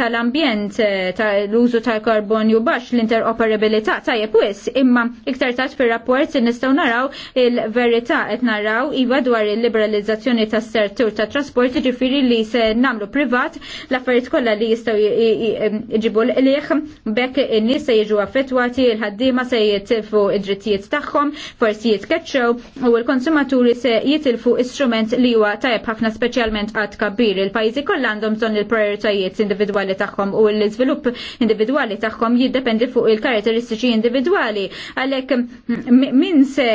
tal-ambjent, eh, tal-użu tal-karbonju baxx, l-interoperabilità tajjeb wis, imma iktar taċ fir-rapport nistgħu naraw il-verità qed naraw iva dwar il-liberalizzazzjoni tas-sertur tat trasport ġifieri li se nagħmlu privat l-affarijiet kollha li jistgħu iġibu l-qliħ bekk in-nies se jiġu affettwati il-ħaddiema se jitilfu id-drittijiet tagħhom, forsi jitkeċċew u l-konsumaturi se jitilfu istrument li huwa tajb ħafna speċjalment għad kabbir. Il-pajjiżi kollha għandhom bżonn il-prioritajiet individwali tagħhom u l-iżvilupp individwali tagħhom jiddependi fuq il-karatteristiċi individwali. Għalhekk min se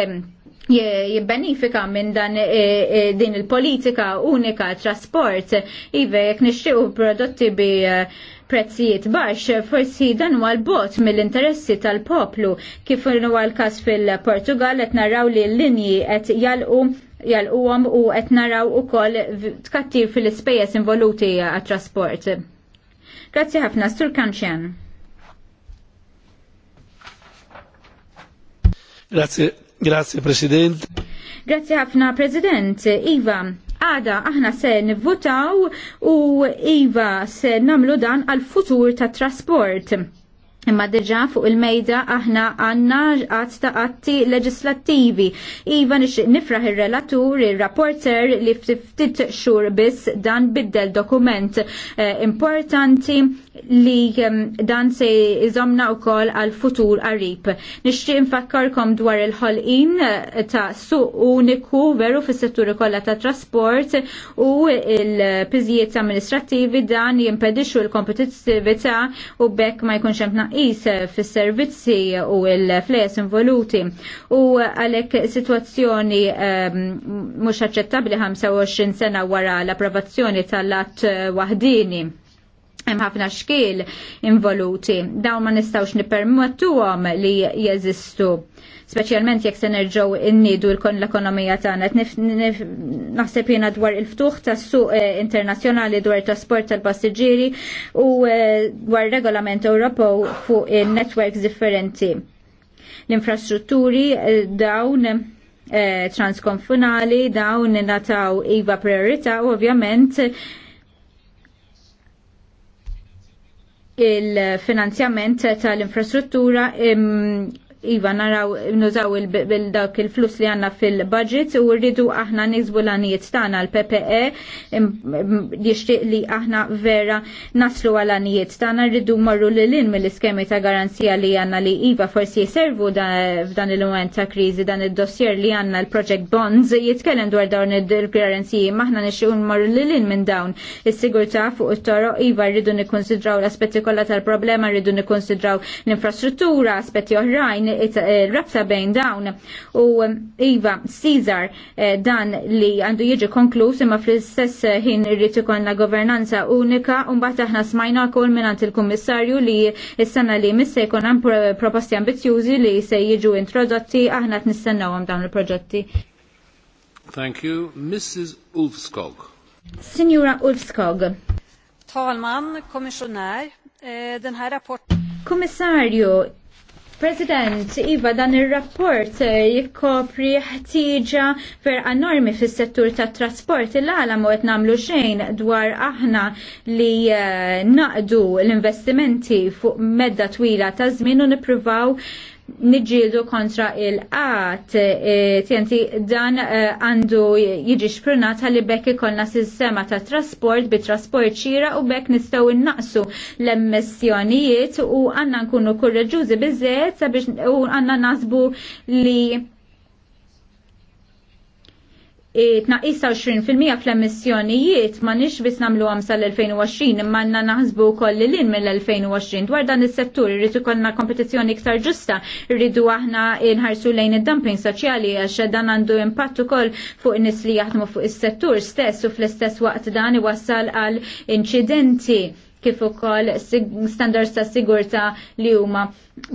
jibbenifika minn dan e- e- din il-politika unika trasport ive jek nixtiequ prodotti bi e, prezzijiet baxx, forsi dan huwa l-bot mill-interessi tal-poplu kif huwa l-każ fil-Portugal qed naraw li l-linji qed jalqu jalquhom u qed naraw ukoll tkattir fil-ispejjeż involuti għat-trasport. Grazzi ħafna, Sur Kanxen. Grazie, Grazie, President. Grazie ħafna, President. Iva, għada aħna se nivvotaw u Iva se namlu dan għal-futur ta' trasport. Imma deġa fuq il-mejda aħna għanna għad ta' atti leġislattivi. Iva nixtieq nifraħ ir-relatur, ir-rapporter li ftit xhur biss dan biddel dokument eh, importanti li dan se iżomna u kol għal-futur qarib. Nixtieq infakkarkom dwar il-ħolqin eh, ta' suq uniku veru fis settur kollha ta' trasport u il-piżijiet amministrativi dan jimpedixxu l-kompetittività u bekk ma jkunx hemm tnaqqis fis-servizzi u l-fles involuti. U għalhekk sitwazzjoni mhux aċċettabbli 25 sena wara l-approvazzjoni tal-att wahdini hemm ħafna xkiel involuti. Dawn ma nistgħux nippermettuhom li jeżistu. Speċjalment jekk se nerġgħu innidu l-kon l-ekonomija tagħna qed naħseb jiena dwar il-ftuħ tas-suq eh, internazzjonali dwar trasport tal-passiġġieri u eh, dwar regolament Ewropew fuq in-networks differenti. L-infrastrutturi eh, dawn transkonfunali dawn nataw iva priorità u ovvjament il-finanzjament tal-infrastruttura Iva, naraw, nużaw il-dak il-flus li għanna fil-budget u rridu aħna nizbu l-għaniet tana l-PPE jishtiq li aħna vera naslu għal-għaniet tana rridu marru l in mill-iskemi ta' garanzija li għanna li Iva forsi jiservu f'dan il-moment ta' krizi dan il-dossier li għanna l-project bonds jitkellem dwar dawn il garanzija maħna nixun marru l in minn dawn il-sigurta fuq il-toro Iva rridu nikonsidraw l-aspetti kollha tal-problema rridu nikonsidraw l-infrastruttura aspetti oħrajn il-rabta bejn dawn u um, Iva Caesar eh, dan li għandu jiġi konklus imma fl-istess eh, ħin irrid ikollna governanza unika u mbagħad aħna smajna wkoll għand il-Kummissarju li s-sena li missa jkun hemm proposti ambizjużi li se jiġu introdotti aħna qed nistennawhom dawn il-proġetti. Thank you. Mrs. Ulfskog. Signora Ulfskog. Talman, kommissionär, eh, den här rapporten... Kommissarju, President, Iva, dan il-rapport eh, jikkopri ħtieġa ver enormi fis settur ta' trasport il-għala mu għet namlu xejn dwar aħna li eh, naqdu l-investimenti fuq medda twila ta' żmien u nipruvaw niġġieldu kontra il-qat. E, tjenti dan e, għandu jiġi xprunat għalli bekk ikollna sistema ta' trasport bi trasport xira u bekk nistgħu innaqsu l-emissjonijiet u għandna nkunu kurreġuzi biżżejjed sabiex u għandna nasbu li fil 20% fl-emissjonijiet ma nix bis namlu għamsa sal-2020 imma għanna naħsbu koll l-in mill-2020 dwar dan il-settur irrid ikollna kompetizzjoni iktar ġusta irridu aħna nħarsu lejn id-dumping soċjali għax dan għandu impatt ukoll fuq in-nies li jaħdmu fuq is-settur stess u fl-istess waqt dan iwassal għal inċidenti kif ukoll standards ta' sigurta li huma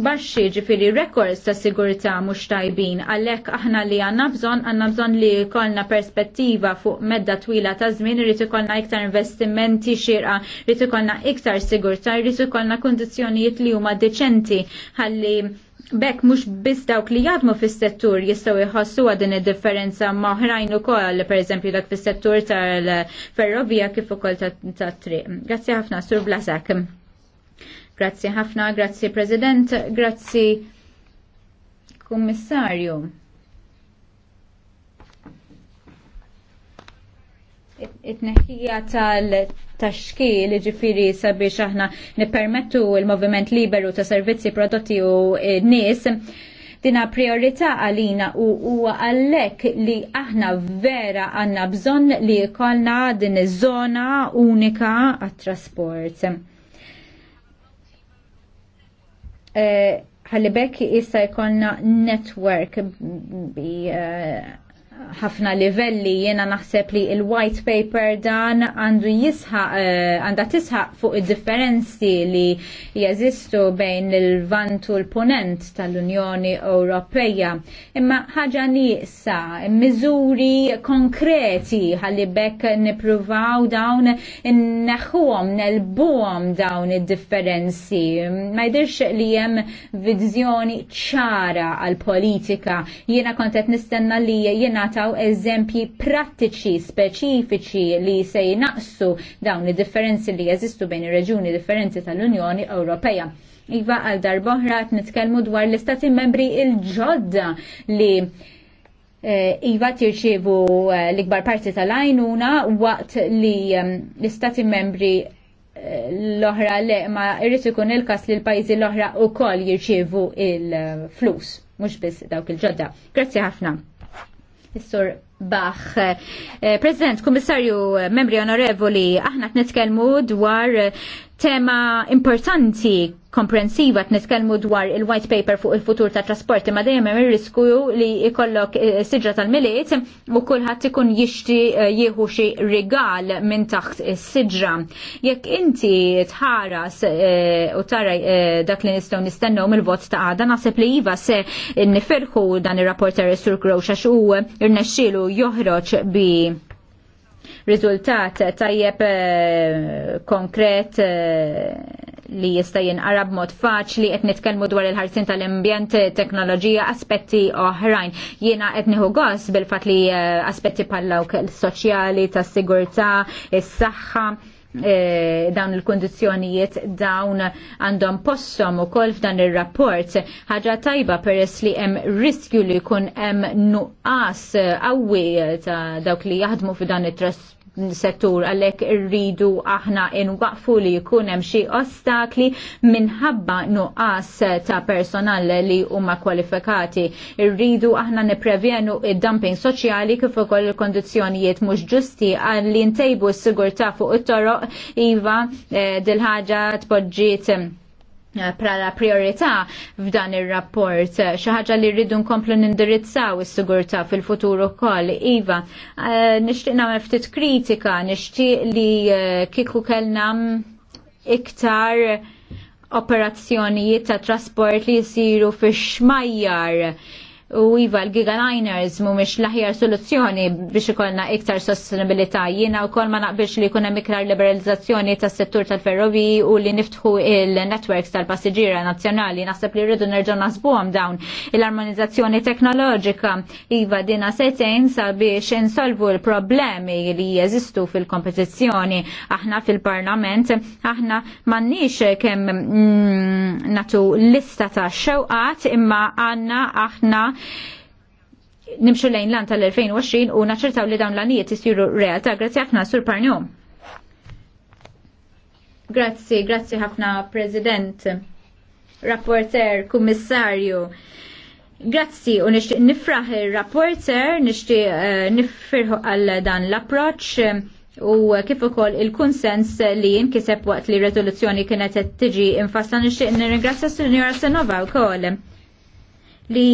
baxxi ġifiri records ta' sigurta mhux tajbin. Għalhekk aħna li għandna bżonn għandna bżonn li jkollna perspettiva fuq medda twila ta' żmien irid ikollna iktar investimenti xirqa, irid ikollna iktar sigurta, irid ikollna kundizzjonijiet li huma deċenti ħalli Bekk mhux biss dawk li jadmu fis-settur jistgħu jħossu din id-differenza ma' oħrajn ukoll pereżempju dak fis-settur tal-ferrovija kif ukoll tat-triq. Grazzi ħafna Sur Blasak. Grazzi ħafna, grazzi President, grazzi Kummissarju. it-neħija tal-taxkil ġifiri sabiex aħna nipermettu il-moviment liberu ta' servizzi, prodotti u eh, nis dina priorità għalina u huwa għallek li aħna vera għanna bżonn li jkollna din iż-żona unika għat-trasport. Eh, ħalli bekk issa jkollna network bi uh, ħafna livelli jiena naħseb li il-white paper dan għandu jisħaq eh, għandha uh, tisħaq fuq id-differenzi li jeżistu bejn il-vant u l-ponent tal-Unjoni Ewropeja. Imma ħaġa nieqsa, miżuri konkreti ħalli bekk nippruvaw dawn n nelbuhom dawn id-differenzi. Ma jidirx li hemm viżjoni ċara għal-politika. Jiena kont qed nistenna li jiena nataw eżempji prattiċi speċifiċi li se jnaqsu dawn id-differenzi li jeżistu bejn ir-reġuni differenti tal-Unjoni Ewropea. Iva għal darboħra nitkellmu dwar l-istati membri il-ġodda li eh, Iva tirċivu eh, l-ikbar parti tal-għajnuna waqt li ehm, l-istati membri eh, l-oħra le ma irrit ikun il-kas li l-pajzi l-oħra u kol jirċivu il-flus mux biss dawk il-ġodda. Grazzi ħafna sur Bach. Eh, President, Komissarju, membri onorevoli, aħna t-netkelmu dwar tema importanti komprensiva t-niskelmu dwar il-white paper fuq il-futur ta' trasporti ma dejjem hemm ir-risku li jkollok eh, siġra tal-miliet u kulħadd ikun jixti eh, jieħu xi rigal minn taħt is-siġra. Jekk inti tħaras eh, u tara dak li nistgħu nistennew mill-vot ta' għada naħseb li iva se nifirħu dan ir-rapporter Sur Groxa xax u irnexxielu joħroġ bi riżultat tajjeb eh, konkret eh, li jista' jinqara b'mod faċli qed nitkellmu dwar il-ħarsin tal-ambjent, teknoloġija, aspetti oħrajn. Jiena qed nieħu gost bil-fatt li eh, aspetti pallawk il-soċjali, tas-sigurtà, is-saħħa. dawn il-kondizjonijiet dawn għandhom possom u kol f'dan il-rapport. ħaġa tajba peress li hemm riskju li jkun hemm nuqqas qawwi ta' dawk li jaħdmu f'dan it-trasport settur għalhekk irridu aħna inwaqfu li jkun hemm xi ostakli minħabba nuqqas ta' personal li huma kwalifikati. Irridu aħna nipprevenu id-dumping soċjali kif ukoll il-kondizzjonijiet mhux ġusti għalli ntejbu s-sigurtà fuq it-toroq iva eh, dil-ħaġa tpoġġiet Eh, prala priorità f'dan ir-rapport. Eh, xi ħaġa li rridu nkomplu nindirizzaw is-sigurtà fil-futur ukoll. Iva, eh, nixtieq nagħmel ftit kritika, nixtieq li kieku kellna iktar operazzjonijiet ta' trasport li jisiru fix xmajjar u iva l-gigaliners mu miex laħjar soluzzjoni biex ikollna iktar sostenibilità jiena u kol ma naqbilx li kuna mikrar liberalizzazzjoni tas settur tal-ferrovi u li niftħu il-networks tal-passiġira nazzjonali naħseb li rridu nerġgħu nasbuhom dawn il-armonizzazzjoni teknoloġika iva dina setejn sabiex insolvu l-problemi li jeżistu fil-kompetizzjoni aħna fil-parlament aħna m'għandniex kemm mm, natu lista ta' xewqat imma għandna aħna nimxu lejn lan tal-2020 u naċċertaw li dawn l-anijiet jisiru realtà. Grazzi ħafna, Sur Parnjom. Grazzi, grazzi ħafna, President, Rapporter, Kummissarju. Grazzi, u nishtiq nifraħ il-rapporter, nishtiq uh, eh, nifirħu għal dan l-approċ u kif ukoll il-konsens li jinkiseb waqt li rezoluzzjoni kienet tiġi infassa nixtieq nirringrazzja s-Sinjora Senova wkoll li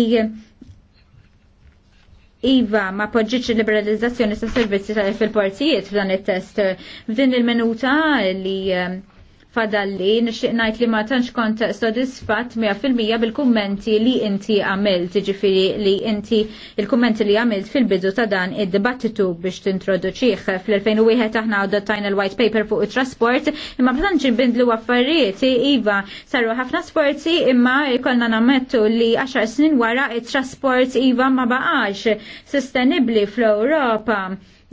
Iva ma poġġiċ liberalizzazzjoni sa' servizzi tal fil-portijiet f'dan il-test. F'din il-minuta li eh, Fadalli, nixtieq ngħid li ma tantx kont sodisfatt 100% bil-kummenti li inti għamilt, ġifiri li inti il-kummenti li għamilt fil-bidu ta' dan id-dibattitu biex tintroduċih. Fl-2001 aħna għadu-tajna l-white paper fuq it-trasport, imma ma tantx bindlu affarijiet, iva, saru ħafna sporti imma jkollna nammettu li 10 snin wara il trasport iva ma baqax sostenibbli fl-Ewropa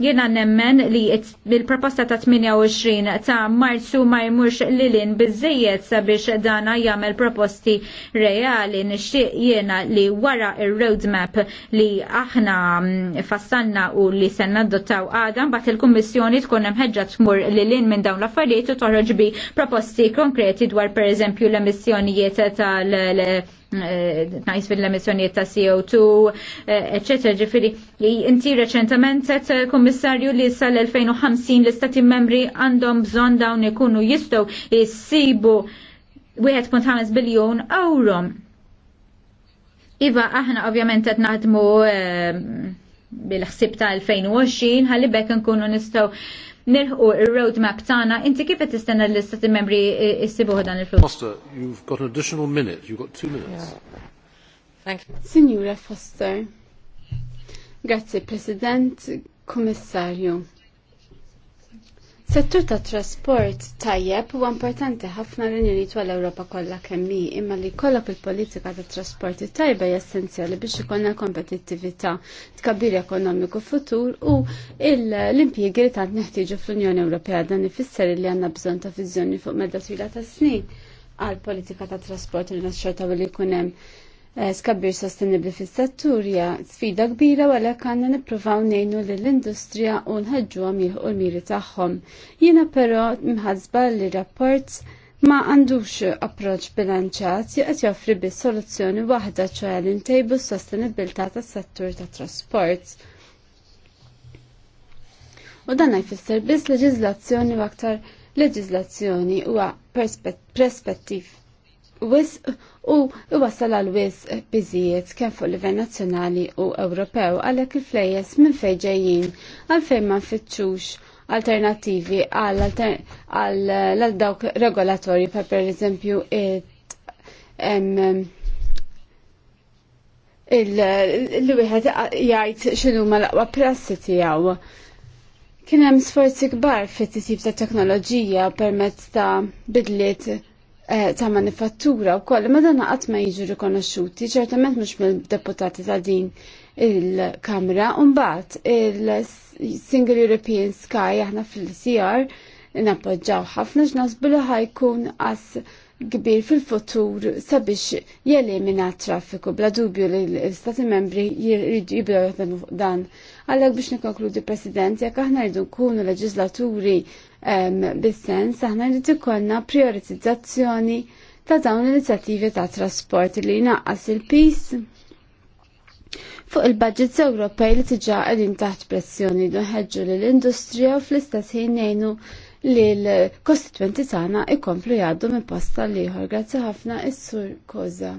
Jena nemmen li il-proposta ta' 28 ta' marzu ma jmurx lilin bizzijiet sabiex dana jagħmel proposti reali nixtieq jena li wara il-roadmap li aħna mm, fassanna u li sen nadottaw għadam mbagħad il-Kummissjoni tkun mħeġġa tmur lilin minn dawn l-affarijiet u toħroġ bi proposti konkreti dwar pereżempju l-emissjonijiet tal- tnajs eh, fil-emissjonijiet ta' CO2, eh, etc. Ġifiri, inti reċentament set eh, kommissarju li sal-2050 l-istati membri għandhom bżon dawn ikunu jistow jissibu 1.5 biljon euro. Iva, aħna ovvjament qed naħdmu bil-ħsib ta' 2020, ħalli bekk nkunu nistgħu nilħu il-roadmap tana, inti kif qed tistenna l-istati membri jsibuħu e, dan il-flus? Foster, you've got an additional minute, you've got two minutes. Thank you. Signora Foster, grazie President, Commissario. Settur ta' trasport tajjeb huwa importanti ħafna li nirid għal Ewropa kollha kemm hi, imma li jkollok il-politika ta' trasporti tajba hija essenzjali biex ikollna kompetittività, tkabbir ekonomiku futur u l-impjiegi li tant neħtieġu fl-Unjoni Ewropea dan ifisser li għandna bżonn ta' viżjoni fuq medda twila ta' snin għal politika ta' trasport li nasċertaw li jkun hemm Eh, skabbir sostenibli fis-setturja sfida kbira u għalhekk għandna nippruvaw ngħinu l industrija u nħeġġuhom u l-miri tagħhom. Jiena però mħazba li rapport ma għandux approċ bilanċat jaqgħet joffri biss soluzzjoni waħda ċoħe l-intejbu s-sostenibilità tas-settur tat trasport. U dan jfisser biss leġizlazzjoni u aktar leġiżlazzjoni huwa perspettiv wis u iwassal għal wis biżijiet kemm fuq livell nazzjonali u Ewropew għalhekk il-flejjes minn fejn ġejjin għal fejn ma nfittxux alternattivi għal dawk regolatorji per pereżempju il wieħed jgħid x'inhu ma l-aqwa prassi tiegħu. Kien hemm sforzi kbar fit-tisib ta' teknoloġija permezz ta' bidliet Eh, ta' manifattura u koll, ma dana qatt ma jiġu rikonoxxuti, ċertament mhux mill-deputati ta' din il-Kamra, u mbagħad il-Single European Sky aħna fil-CR nappoġġaw ħafna ġnaż li ħajkun għas kbir fil-futur sabiex jelimina traffiku bla dubju li l-Stati membri jiridu jibdaw dan. Għallek biex nikonkludi President, jekk aħna rridu nkunu leġislaturi bis-sens aħna li ikollna prioritizzazzjoni ta' dawn l-inizjattivi ta' trasport li jnaqqas il-pis fuq il-budgets Ewropej li tiġa qegħdin taħt pressjoni doħeġġu lill industrija u fl-istess ħin ngħinu li l-kostitwenti tagħna ikomplu jgħaddu minn posta ieħor. Grazzi ħafna is-sur Koza.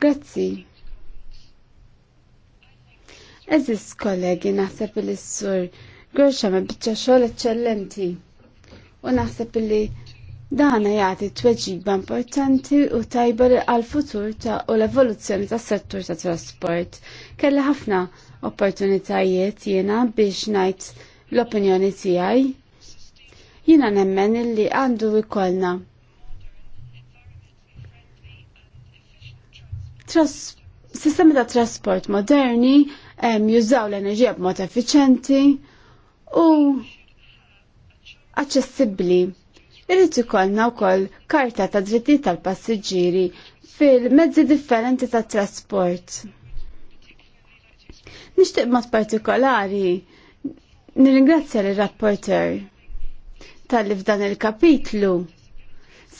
Grazzi. Eżis kollegi, naħseb li s-sur Gersham bieċa xogħol eċċellenti. U naħseb li dana jagħti tweġiba importanti u tajba għal-futur ta' u l-evoluzzjoni tas settur ta' trasport. Kelli ħafna opportunitajiet jiena biex ngħid l-opinjoni tiegħi. Jiena nemmen li għandu ikollna sistemi ta' trasport moderni jużaw l-enerġija b'mod effiċenti u aċċessibbli. Irrid ikollna wkoll karta ta' drittijiet tal-passiġġieri fil-mezzi differenti ta' trasport. Nixtieq mod partikolari nirringrazzja l-rapporter tal f'dan il-kapitlu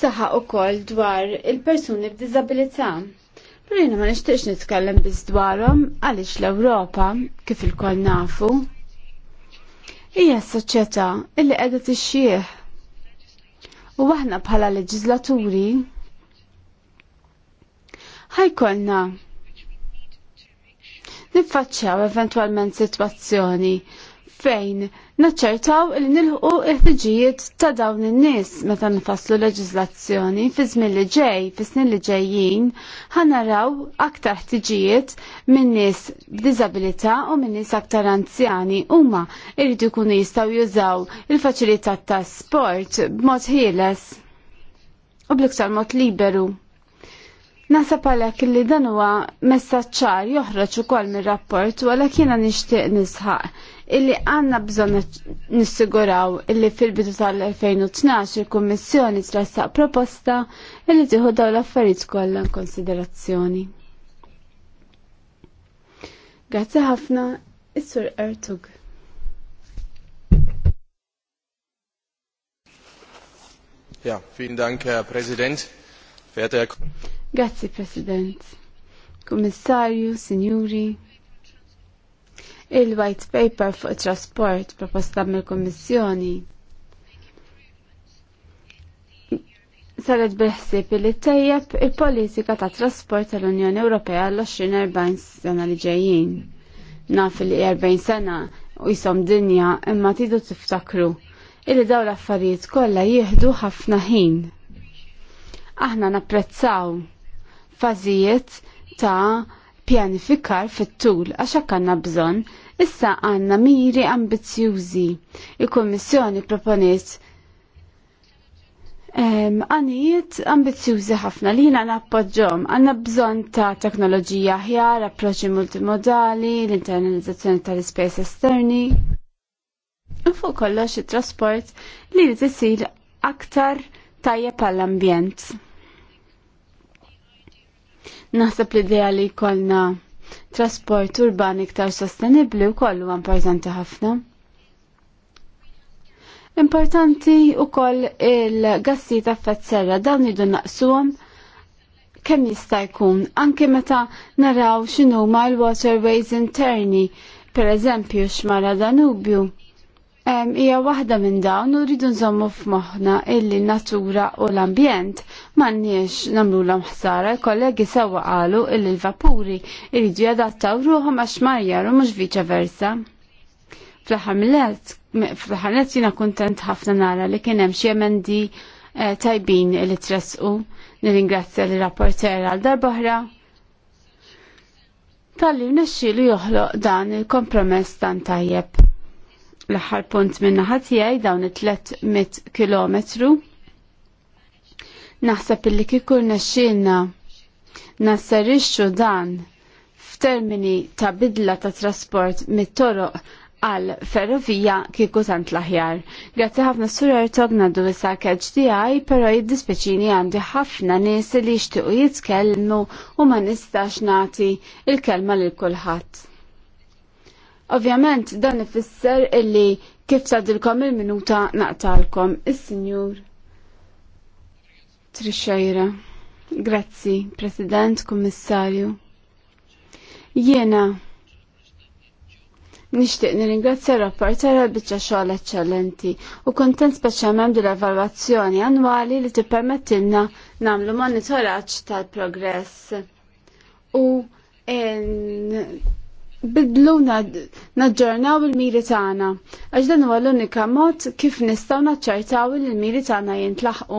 saħa u koll dwar il-persuni b'dizabilità. Rina ma nixtiex nitkellem biss dwarhom għaliex l-Ewropa kif ilkoll nafu hija s-soċjetà illi qiegħda tixxieħ. U aħna bħala leġislaturi ħajkolna niffaċċjaw eventwalment sitwazzjoni fejn naċċertaw li nilħu il-ħtiġijiet ta' dawn in-nies meta nfasslu leġiżlazzjoni fi żmien li ġej, fi snin li ġejjin, ħanaraw aktar ħtiġijiet minn nies b'diżabilità u minn nies aktar anzjani huma jridu jkunu jistgħu jużaw il-faċilità tas sport b'mod ħieles u bl-iktar mod liberu. Nasab għalek li dan huwa messaċċar joħroġ ukoll mir-rapport u għalhekk jiena nixtieq nisħaq illi għanna bżon nissiguraw illi fil-bidu tal-2012 il-Kommissjoni tressaq proposta illi tiħu daw l-affarijiet kollha konsiderazzjoni. Grazzi ħafna, is-Sur Ertug. Ja, vielen Dank, Herr Präsident. Verehrter Herr Grazie, Präsident. Kommissarju, Signori, il-white paper fuq it trasport proposta mill-Kommissjoni. Saret bil-ħsieb li tejjeb il-politika ta' trasport tal-Unjoni Ewropea l 20 sena li ġejjin. Naf li 40 sena u jisom dinja imma tidu tiftakru illi daw l-affarijiet kollha jieħdu ħafna ħin. Aħna napprezzaw fażijiet ta' pjanifikar fit-tul għax hekk għandna bżonn, issa għandna miri ambizjużi. Il-Kummissjoni proponiet ehm, għanijiet ambizjużi ħafna li jina nappoġġom. Għanna bżon ta' teknoloġija ħjar, approċċi multimodali, l-internalizzazzjoni tal-ispejs esterni. U fuq kollox it-trasport li li aktar tajjeb għall-ambjent. Naħseb l-idea li jkollna trasport urban iktar sostenibli u kollu importanti ħafna. Importanti u koll il-gassi ta' serra dawn idu naqsuhom kemm jista' jkun anke meta naraw x'inhuma l-waterways interni, per eżempju x'mara Danubju hija waħda minn dawn u rridu nżommu f'moħħna illi natura u l-ambjent m'għandniex nagħmluhom ħsara. Il-kollegi sewwa qalu illi l-vapuri jridu jadattaw ruħhom għax marjar u mhux viċa versa. Fl-ħamlet jiena kuntent ħafna nara li kien hemm xi emendi eh, tajbin li tresqu. Nirringrazzja l rapporter għal darbohra. Talli nexxielu joħloq dan il-kompromess tan tajjeb l-aħħar punt minna ħatijaj dawn 300 km. Naħseb illi kikur nesċinna nassarixxu dan f'termini ta' bidla ta' trasport mit-toroq għal ferrovija kieku tant laħjar. Grazzi ħafna s-sura Ertog naddu issa keġ tiegħi, però jiddispeċini għandi ħafna nis li jixtiequ jitkellmu u ma nistax nagħti il-kelma lil kulħadd. Ovvjament dan ifisser illi kif tadilkom il-minuta naqtalkom is-Sinjur Trixxajra. Grazzi, President, Kummissarju. Jiena Nishtiq nirringrazzja r-rapporter għal biċċa xogħol eċċellenti u kontent speċjalment bil-evalwazzjoni annwali li tippermettilna nagħmlu monitoraġġ tal-progress. U bidlu naġġornaw il-miri tagħna. Għax dan huwa l-unika mod kif nistgħu naċċertaw il miri tagħna jintlaħqu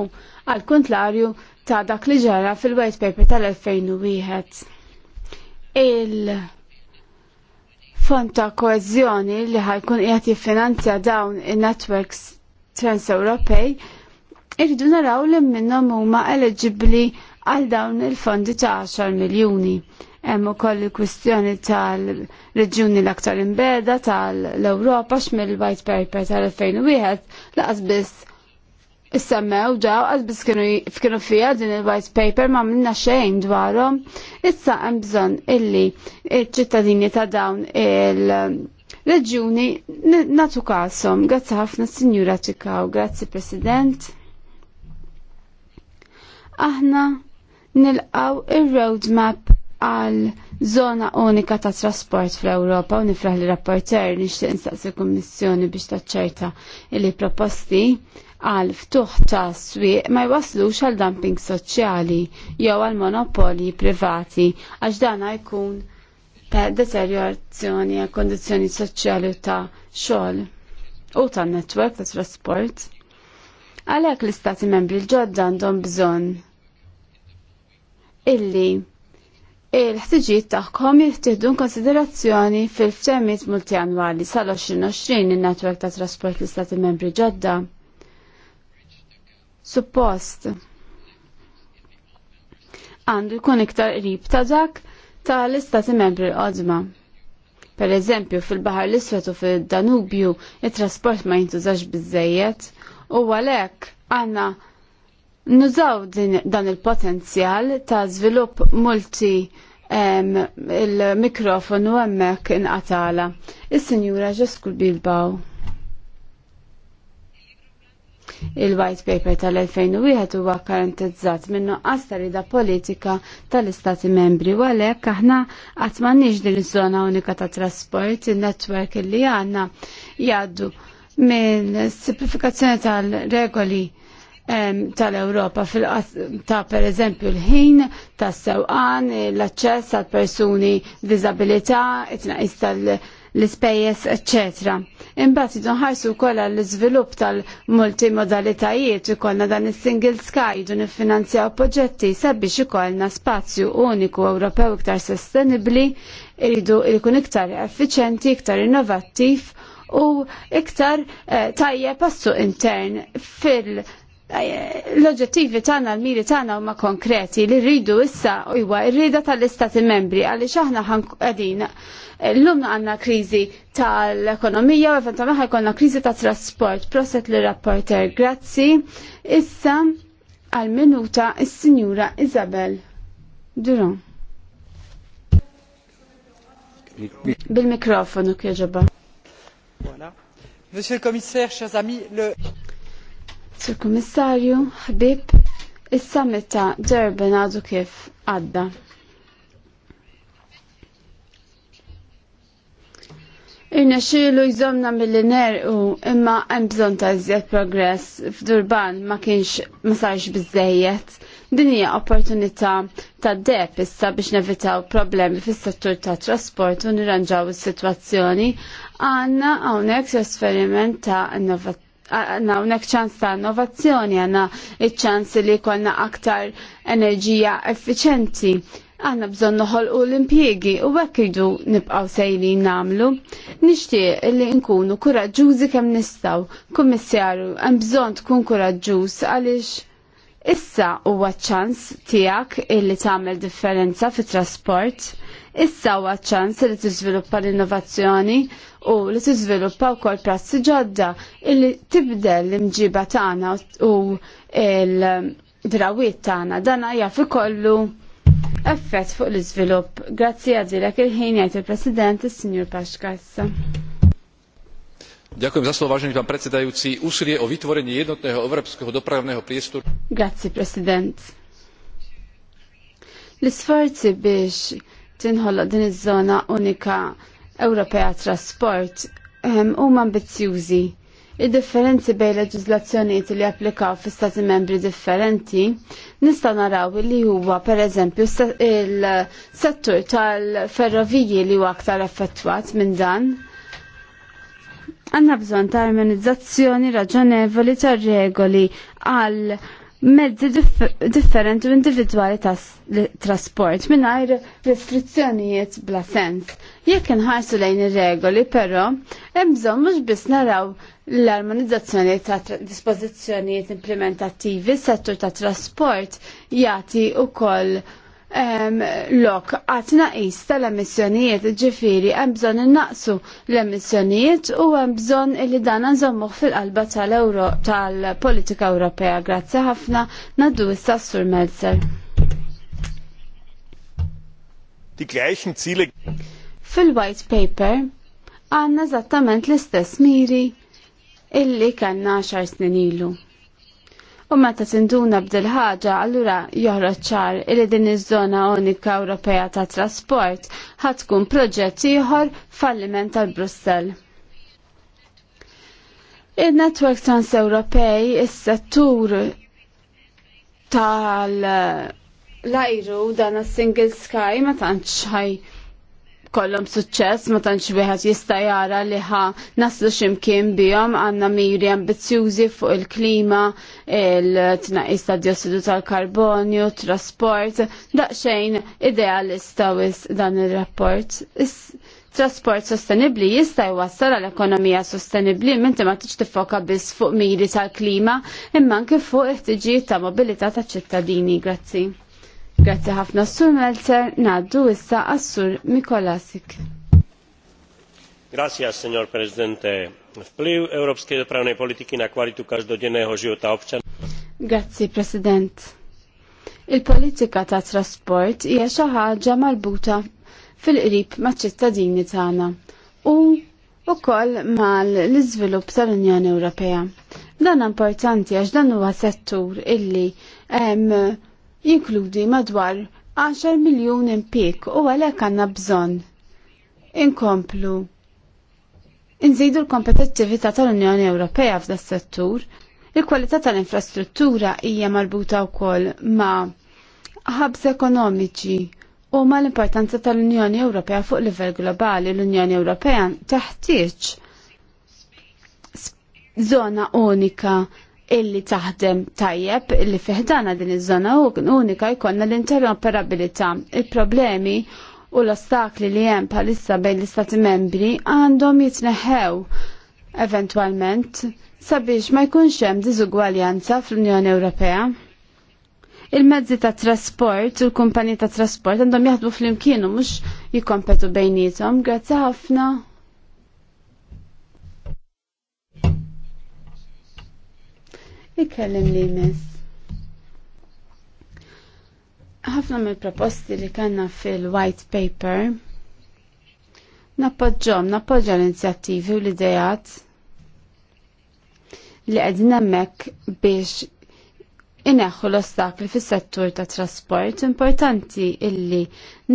għal kuntrarju ta' dak li ġara fil-white paper tal-2001. Il fond ta' koezjoni li ħajkun qiegħed jiffinanzja dawn in-networks trans-Ewropej irridu naraw li minnhom huma eligibbli għal dawn il-fondi ta' 10 miljuni Hemm ukoll il-kwistjoni tal-reġjuni l-aktar imbeda tal-Ewropa x'mill-White Paper tal-2001 laqas biss Issemmew ġaw għad bis kienu fija din il-white paper ma minna xejn dwarhom. Issa hemm bżonn illi iċ-ċittadini ta' dawn il-reġjuni natu kasom. Grazzi ħafna Sinjura Ċikaw, grazzi President. Aħna nilqaw il-roadmap għal zona unika ta' trasport fl-Ewropa u nifraħ li rapporter nixtieq nistaqsi kummissjoni biex taċċerta li proposti għal ftuħ ta' swieq ma jwaslux għal dumping soċjali jew għal monopoli privati għax dan jkun ta' deteriorazzjoni għal kondizjoni soċjali ta' xogħol u ta' netwerk ta' trasport. Għalhekk l-istati membri l-ġodda għandhom bżonn illi il-ħtiġijiet tagħhom jittieħdu konsiderazzjoni fil-ftehmiet multianwali sal-2020 in-netwerk ta' trasport l-Istati Membri ġodda. Suppost għandu jkun iktar qrib ta' dak tal-Istati Membri qodma Per eżempju, fil-Baħar l-Iswed u fil-Danubju, it-trasport ma jintużax biżejjed u għalhekk għandna nużaw dan il-potenzjal ta' żvilupp multi il-mikrofonu hemmhekk inqatala. Is-Sinjura ġesku Bilbaw. Il-White Paper tal-2001 huwa karantizzat minn nuqqas tarida politika tal-Istati membri u għalhekk aħna qatt m'għandniex din iż-żona unika ta' trasport, in-netwerk li għandna jgħaddu minn simplifikazzjoni tal-regoli tal-Europa ta' per eżempju l-ħin, ta' sewqan, l-aċċess għal persuni disabilità, it-naqis tal-ispejjeż, etc. Imbagħad idu nħarsu wkoll għall-iżvilupp tal-multimodalitajiet ikollna dan is-single sky idu niffinanzjaw proġetti sabiex ikollna spazju uniku Ewropew iktar sostenibbli iridu jkun iktar effiċenti, iktar innovattiv u iktar eh, tajjeb għas-suq intern fil- l-oġġettivi tagħna l-miri tagħna huma konkreti li rridu issa huwa r tal-Istati Membri għaliex aħna qegħdin llum għandna kriżi tal-ekonomija u eventualment ħajkonna kriżi ta' trasport. Proset li rapporter, grazzi. Issa għal-minuta is-Sinjura Isabel Duron. Bil-mikrofonu kieġeba. Voilà. Monsieur le commissaire, chers amis, le... Sur Kummissarju, ħbib, is-summit ta' Durban għadu kif għadda. Irna xilu jżomna mill-iner u imma hemm bżonn ta' iżjed progress f'Durban ma kienx ma sarx biżejjed. Din hija opportunità ta' deb issa biex nevitaw problemi fis-settur ta' trasport u nirranġaw is-sitwazzjoni. Għandna hawnhekk esperiment ta' innovazzjoni għanna unek ċans ta' innovazzjoni, għanna ċans li konna aktar enerġija effiċenti. Għanna bżon noħol u l-impiegi u għek idu nibqaw sejli namlu. Nishtiq li nkunu kuraġġużi kem nistaw. Kummissjaru, għan bżon tkun kuraġġuż għalix Issa huwa ċans tiegħek illi tagħmel differenza fit-trasport. Issa huwa ċans li tiżviluppa l-innovazzjoni u li tiżviluppa wkoll prassi ġodda illi tibdel l-imġiba tagħna u l-drawiet tagħna. Dan fi kollu effett fuq l-iżvilupp. Grazzi għadilek il-ħin jgħid il-President is-Sinjur Paxkassa úsilie o vytvorenie jednotného európskeho dopravného priestoru l-isforzi biex tinħolloq din iż-żona unika Ewropea trasport ehm, huma ambizzjużi. Id-differenzi bejn leġiżlazzjonijiet li applikaw fi stati membri differenti nistgħu naraw li huwa pereżempju il-settur tal-ferroviji li huwa aktar effettwat minn dan Għanna bżon ta' armonizzazzjoni raġonevoli ta' regoli għal mezzi differenti u individuali ta' trasport għajr restrizzjonijiet bla sens. Jekk inħarsu lejn ir-regoli, però, hemm bżonn mhux biss naraw l-armonizzazzjoni ta' dispożizzjonijiet implementattivi, settur ta' trasport jagħti wkoll lok għatna is tal-emissjonijiet ġifiri hemm bżonn innaqsu l-emissjonijiet u hemm bżonn li dan nżommuh fil-qalba tal ewro tal-politika Ewropea. Grazzi ħafna naddu issa sur Melzer. Fil-White Paper għandna eżattament l-istess miri illi kellna 10 snin ilu. U meta tinduna b'dil ħaġa, allura joħroġ ċar li din iż-żona unika Ewropea ta' trasport ħatkun proġett ieħor falliment tal Brussell. Il-Network Trans-Ewropej, is-settur tal-lajru dan is-Single Sky ma tantx ħaj kollom suċċess ma tantx wieħed jista' jara li ħa naslu x'imkien bihom għandna miri ambizzjużi fuq il-klima, il-tnaqis ta' diossidu tal-karbonju, trasport, daqsxejn idealista wis dan ir-rapport. Trasport sostenibli jista' jwassal għal ekonomija sostenibli minti ma tiġ tiffoka biss fuq miri tal-klima imma anke fuq it-tiġijiet ta' mobilità taċ-ċittadini. Grazzi. Grazzi ħafna Sur Melzer, naddu issa għas-Sur Mikolasik. Grazie, signor Presidente. Wpływ europejskiej doprawnej polityki na kwalitu każdodziennego života občana. Grazie, President. Il-politika ta' trasport hija xi ħaġa marbuta fil-qrib maċ-ċittadini tagħna u wkoll mal-iżvilupp tal-Unjoni Ewropea. Dan importanti għax dan huwa settur illi hemm jinkludi madwar 10 miljon impik u għalhekk għandna bżonn inkomplu Inżidu l-kompetittività tal-Unjoni Ewropea f'da settur, il-kwalità tal-infrastruttura hija marbuta wkoll ma' ħabs ekonomiċi u ma' l-importanza tal-Unjoni Ewropea fuq livell globali. L-Unjoni Ewropea teħtieġ zona unika illi taħdem tajjeb illi fiħdana din iż-żona unika jkollna l-interoperabilità. Il-problemi u l-ostakli li hemm bħalissa bejn l-Istati membri għandhom jitneħħew eventwalment sabiex ma jkunx hemm diżugwaljanza fl-Unjoni Ewropea il-mezzi ta' trasport u l kumpaniji ta' trasport għandhom jaħdmu fl-imkienu jikkompetu bejniethom, bejnietom. Grazzi ħafna. ikellem li jmiss. Ħafna mill-proposti li kanna fil-white paper nappoġġom, nappoġġa l-inizjattivi u l-idejat li għedin emmek biex Ineħħu l-ostakli fis settur ta' trasport importanti illi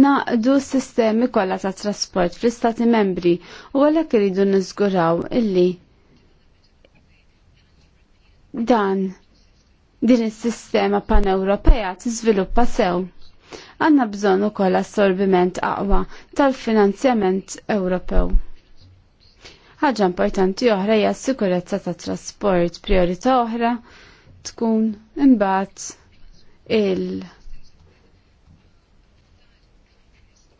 naqdu s-sistemi kollha ta' trasport fl-istati membri u għalek iridu niżguraw illi dan din is-sistema pan-Ewropea tiżviluppa sew. Għanna bżonn ukoll assorbiment aqwa tal-finanzjament Ewropew. Ħaġa importanti oħra hija s-sikurezza tat trasport, priorità oħra tkun imbagħad il-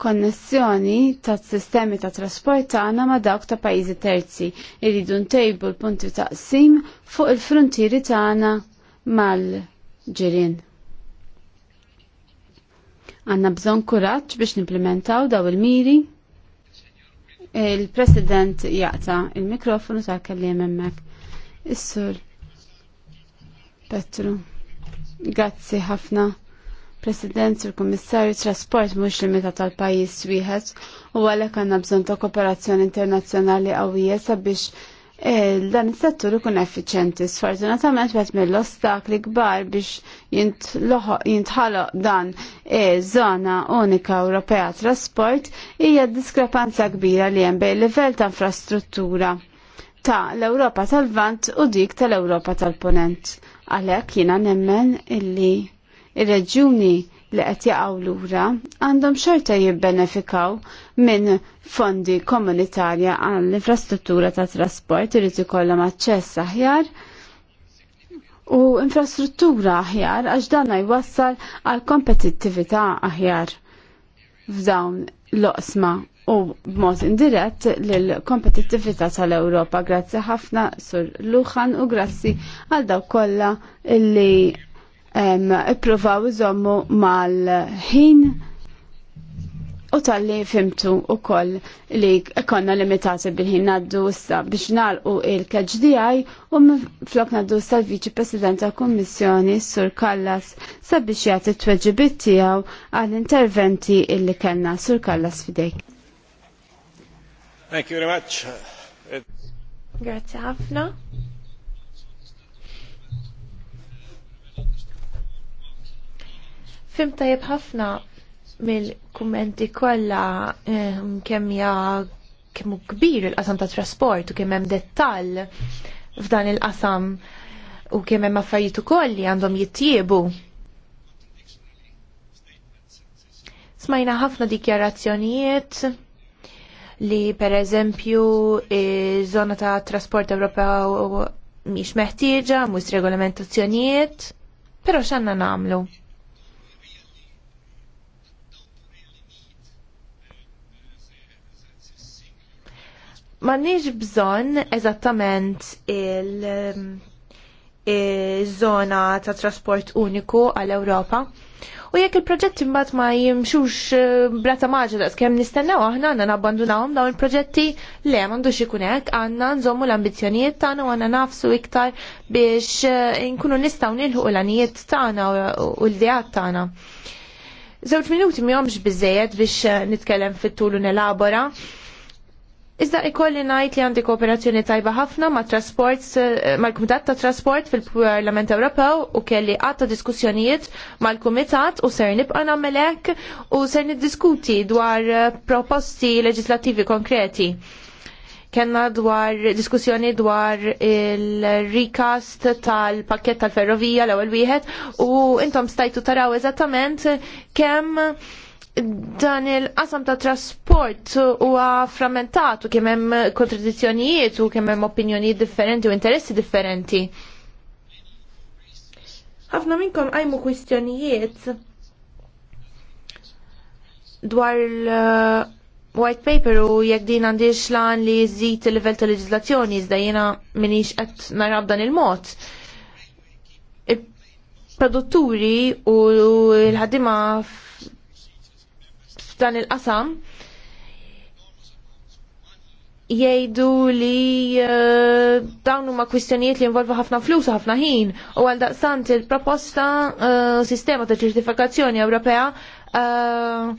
konnessjoni ta' sistemi ta' trasport tagħna ma' dawk ta' pajjiżi terzi irridu ntejbu l-punti taqsim fuq il-frontieri tagħna mal-ġirien. Għanna bżon kuraġġ biex nimplementaw daw il-miri. Il-President jaqta il-mikrofonu ta' kellim hemmhekk. Is-sur Petru. Grazzi ħafna. President, il kummissarju trasport mhux limita tal-pajjiż wieħed u għalhekk għandna bżonn ta' kooperazzjoni internazzjonali qawwija sabiex eh, dan is-settur ikun effiċjenti. Sfortunatament wieħed mill-ostakli kbar biex jintħaloq dan żona eh, unika Ewropea trasport hija diskrepanza kbira li hemm bejn livell ta' infrastruttura ta' l-Ewropa tal-Vant u dik tal-Ewropa tal-Ponent. Għalhekk jiena nemmen illi Ir-reġjuni li qed jaqgħu lura għandhom xorta jibbenefikaw minn fondi komunitarja għall infrastruttura ta' trasport irid ikollhom aċċess aħjar u infrastruttura aħjar għax dan jwassal għal kompetittività aħjar f'dawn l-oqsma u b'mod indirett lill-kompetittività tal-Ewropa. Grazzi ħafna sur Luħan u grazzi għal daw kollha illi ippruvaw iżommu mal-ħin u tal-li fimtu u koll li konna limitati bil-ħin naddu issa biex nalqu il-KGDI u flok naddu issa l-Viċi President tal Kommissjoni Sur Kallas sabiex jagħti t-tweġibit tiegħu għall-interventi illi kellna Sur Kallas fidejk. Thank you very much. Grazie ħafna. Fim tajjeb ħafna mill-kummenti kollha ehm, kemm ja kemm kbir il-qasam ta' trasport u kemm hemm dettall f'dan il-qasam u kemm hemm affarijiet ukoll li għandhom jittiebu. Smajna ħafna dikjarazzjonijiet li pereżempju iż-żona ta' trasport Ewropew mhix meħtieġa, mhux regolamentazzjonijiet, però x'għandna nagħmlu? M'għandniex bżonn eżattament il-żona um, ta' trasport uniku għall-Ewropa. U jekk il-proġetti mbagħad ma jimxux uh, brata maġra kemm nistennew aħna għandna nabbandunawhom dawn il-proġetti le m'għandux ikun hekk għandna nżommu l-ambizzjonijiet tagħna u għandna nafsu iktar biex uh, nkunu nistgħu nilħu l-għanijiet tagħna u l-dijat tagħna. Żewġ minuti mihomx biżejjed biex uh, nitkellem fit-tul u nelabora. Iżda ikolli ngħid li għandi kooperazzjoni tajba ħafna ma' trasport eh, mal-Kumitat ta' Trasport fil-Parlament Ewropew u kelli għatta diskussjonijiet mal-Kumitat u ser nibqa' nagħmel hekk u ser niddiskuti dwar eh, proposti leġislattivi konkreti. Kenna dwar diskussjoni dwar il-recast tal-pakket tal-ferrovija l-ewwel wieħed u intom stajtu taraw eżattament kemm dan il-qasam ta' trasport huwa frammentat u kemm hemm kontradizzjonijiet u kemm hemm opinjonijiet differenti u interessi differenti. Ħafna minnkom għajmu kwistjonijiet dwar uh, white paper u jekk din għandix lan li jżid il-livell ta' leġislazzjoni iżda jiena minix qed narab dan il-mod produtturi u l-ħadima f'dan il-qasam jgħidu li uh, dawn huma kwistjonijiet li involvu ħafna flus ħafna ħin u għal daqsant il-proposta uh, sistema ta' ċertifikazzjoni Ewropea eh,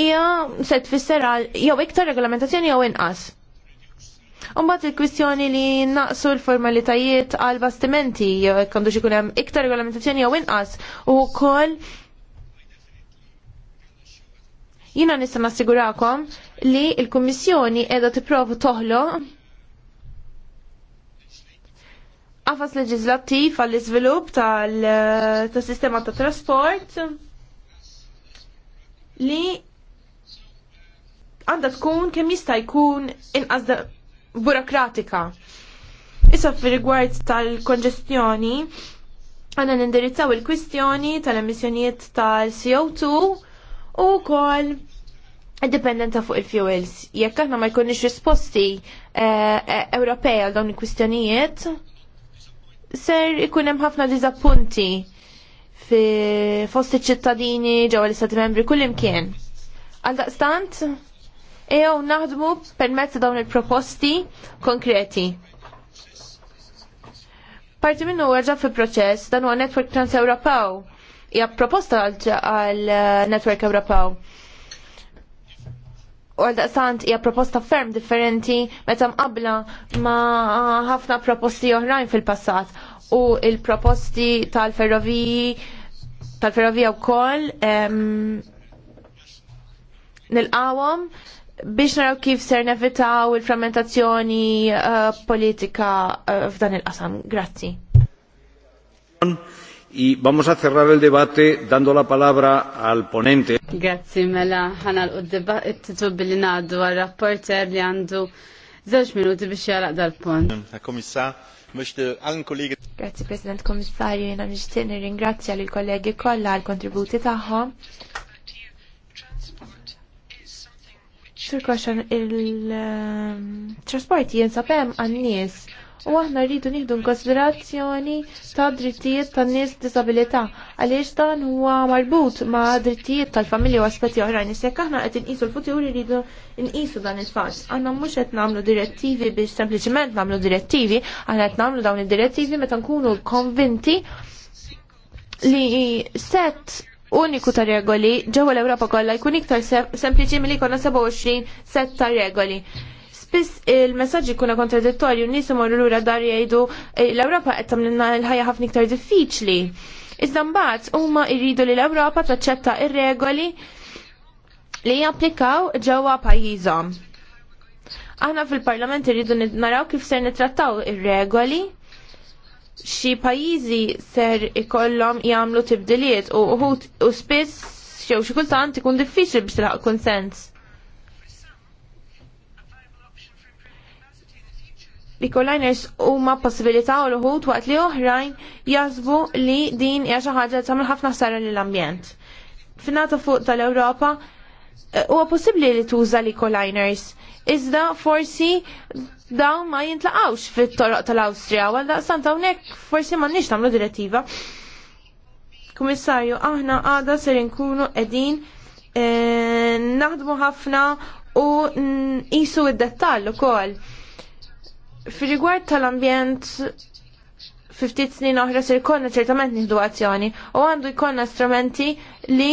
hija uh, se tfisser għal jew iktar regolamentazzjoni jew inqas. Umbat il-kwistjoni li naqsu l-formalitajiet għal bastimenti, kondux ikun hemm iktar regolamentazzjoni jew inqas u wkoll Jina nista' nassigurakom li l-Kummissjoni qiegħda tipprovu toħloq għafas leġislattiv għall iżvilupp tal-sistema ta' trasport li għandha tkun kemm jista' jkun inqas burokratika. Issa fi rigward tal-konġestjoni għandna nindirizzaw il-kwistjoni tal-emissjonijiet tal-CO2 u kol dipendenza fuq il-fuels. Jekk aħna ma jkunniex risposti eh, eh, Ewropej għal dawn il-kwistjonijiet, ser ikun hemm ħafna diżappunti fi fost iċ-ċittadini ġewwa l-Istati Membri kullimkien. Għal daqstant, ew naħdmu permezz dawn il-proposti konkreti. Parti minnu għarġa fil proċess dan huwa network trans-Ewropew hija proposta għal eh, network Ewropew. U għal daqsant hija proposta ferm differenti meta mqabla ma ħafna proposti oħrajn fil-passat u il-proposti tal-ferroviji tal-ferrovija wkoll nilqawhom biex naraw kif ser nevitaw il-frammentazzjoni uh, politika uh, f'dan il-qasam. Grazzi. Y vamos a cerrar el debate dando la palabra al ponente. Grazie, mela, ħana l-dibattitu billi naddu għal-rapporter li għandu zewġ minuti biex jaraq dal-pont. Grazie, President Komissarju, jena nishtiq nirringrazzja l kollegi kolla għal-kontributi taħħom. Sur il-trasporti ehm, jinsabem għannis u aħna rridu nieħdu konsiderazzjoni ta' drittijiet tan nies disabilità għaliex dan huwa marbut ma' drittijiet tal-familja u aspetti oħrajn jekk aħna qed inqisu l-futur irridu nqisu dan il-fatt. Aħna mhux qed nagħmlu direttivi biex sempliċement nagħmlu direttivi, aħna qed nagħmlu dawn id-direttivi meta nkunu konvinti li set uniku ta' regoli ġewwa l-Ewropa kollha jkun iktar sempliċi milli jkollna 27 set ta' regoli. Spiss il-messagġi kuna kontradittorju, nisu morru l-ura dar jgħidu eh, l-Ewropa qed tamlinna l-ħajja ħafna ktar diffiċli. Iżda mbagħad huma jridu li l-Ewropa taċċetta ir-regoli li japplikaw ġewwa pajjiżhom. Aħna fil-Parlament irridu naraw kif ser nitrattaw ir-regoli xi pajjiżi ser ikollhom jagħmlu tibdiliet u u spiss jew xi kultant ikun diffiċli biex tilħaq konsens Ecoliners huma possibilità u l-ħut waqt li oħrajn jazbu li din hija xi ħaġa tagħmel ħafna ħsara lill-ambjent. Finata fuq tal-Ewropa eh, huwa possibbli li tuża l-ecoliners. Iżda forsi dawn ma jintlaqawx fit-toroq tal-Awstrija, għal daqstant hawnhekk forsi m'għandniex tamlu direttiva. Kummissarju, aħna għada ser nkunu qegħdin eh, naħdmu ħafna u nqisu id-dettall ukoll Fil-rigward tal-ambjent, 50 snin oħra se jkollna ċertament nieħdu u għandu jkollna strumenti li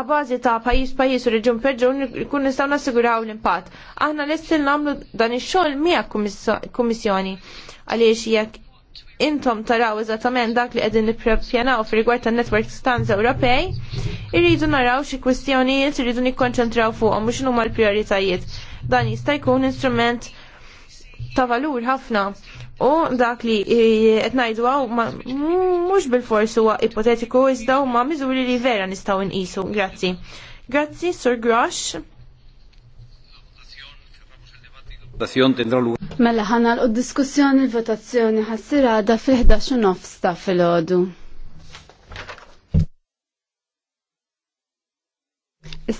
għabazi ta' pajis pajis u reġun perġun kun nistaw nassiguraw l-impat. Aħna l istin namlu dan il-xol mija kummissjoni għaliex jekk intom taraw eżattament dak li qegħdin nippropjanaw fir-rigward tan-network stanz Ewropej, irridu naraw xi kwistjonijiet irridu nikkonċentraw fuqhom u xinu l prioritajiet Dan jista' jkun instrument ta' valur ħafna u dak li qed għaw mux mhux bil-fors huwa ipotetiku iżda ma' miżuri li vera nistgħu nqisu. Grazzi. Grazzi, Sur Grosh. Mela ħana l-diskussjoni l-votazzjoni ħassirada fil-11 nofs ta' fil-ħodu.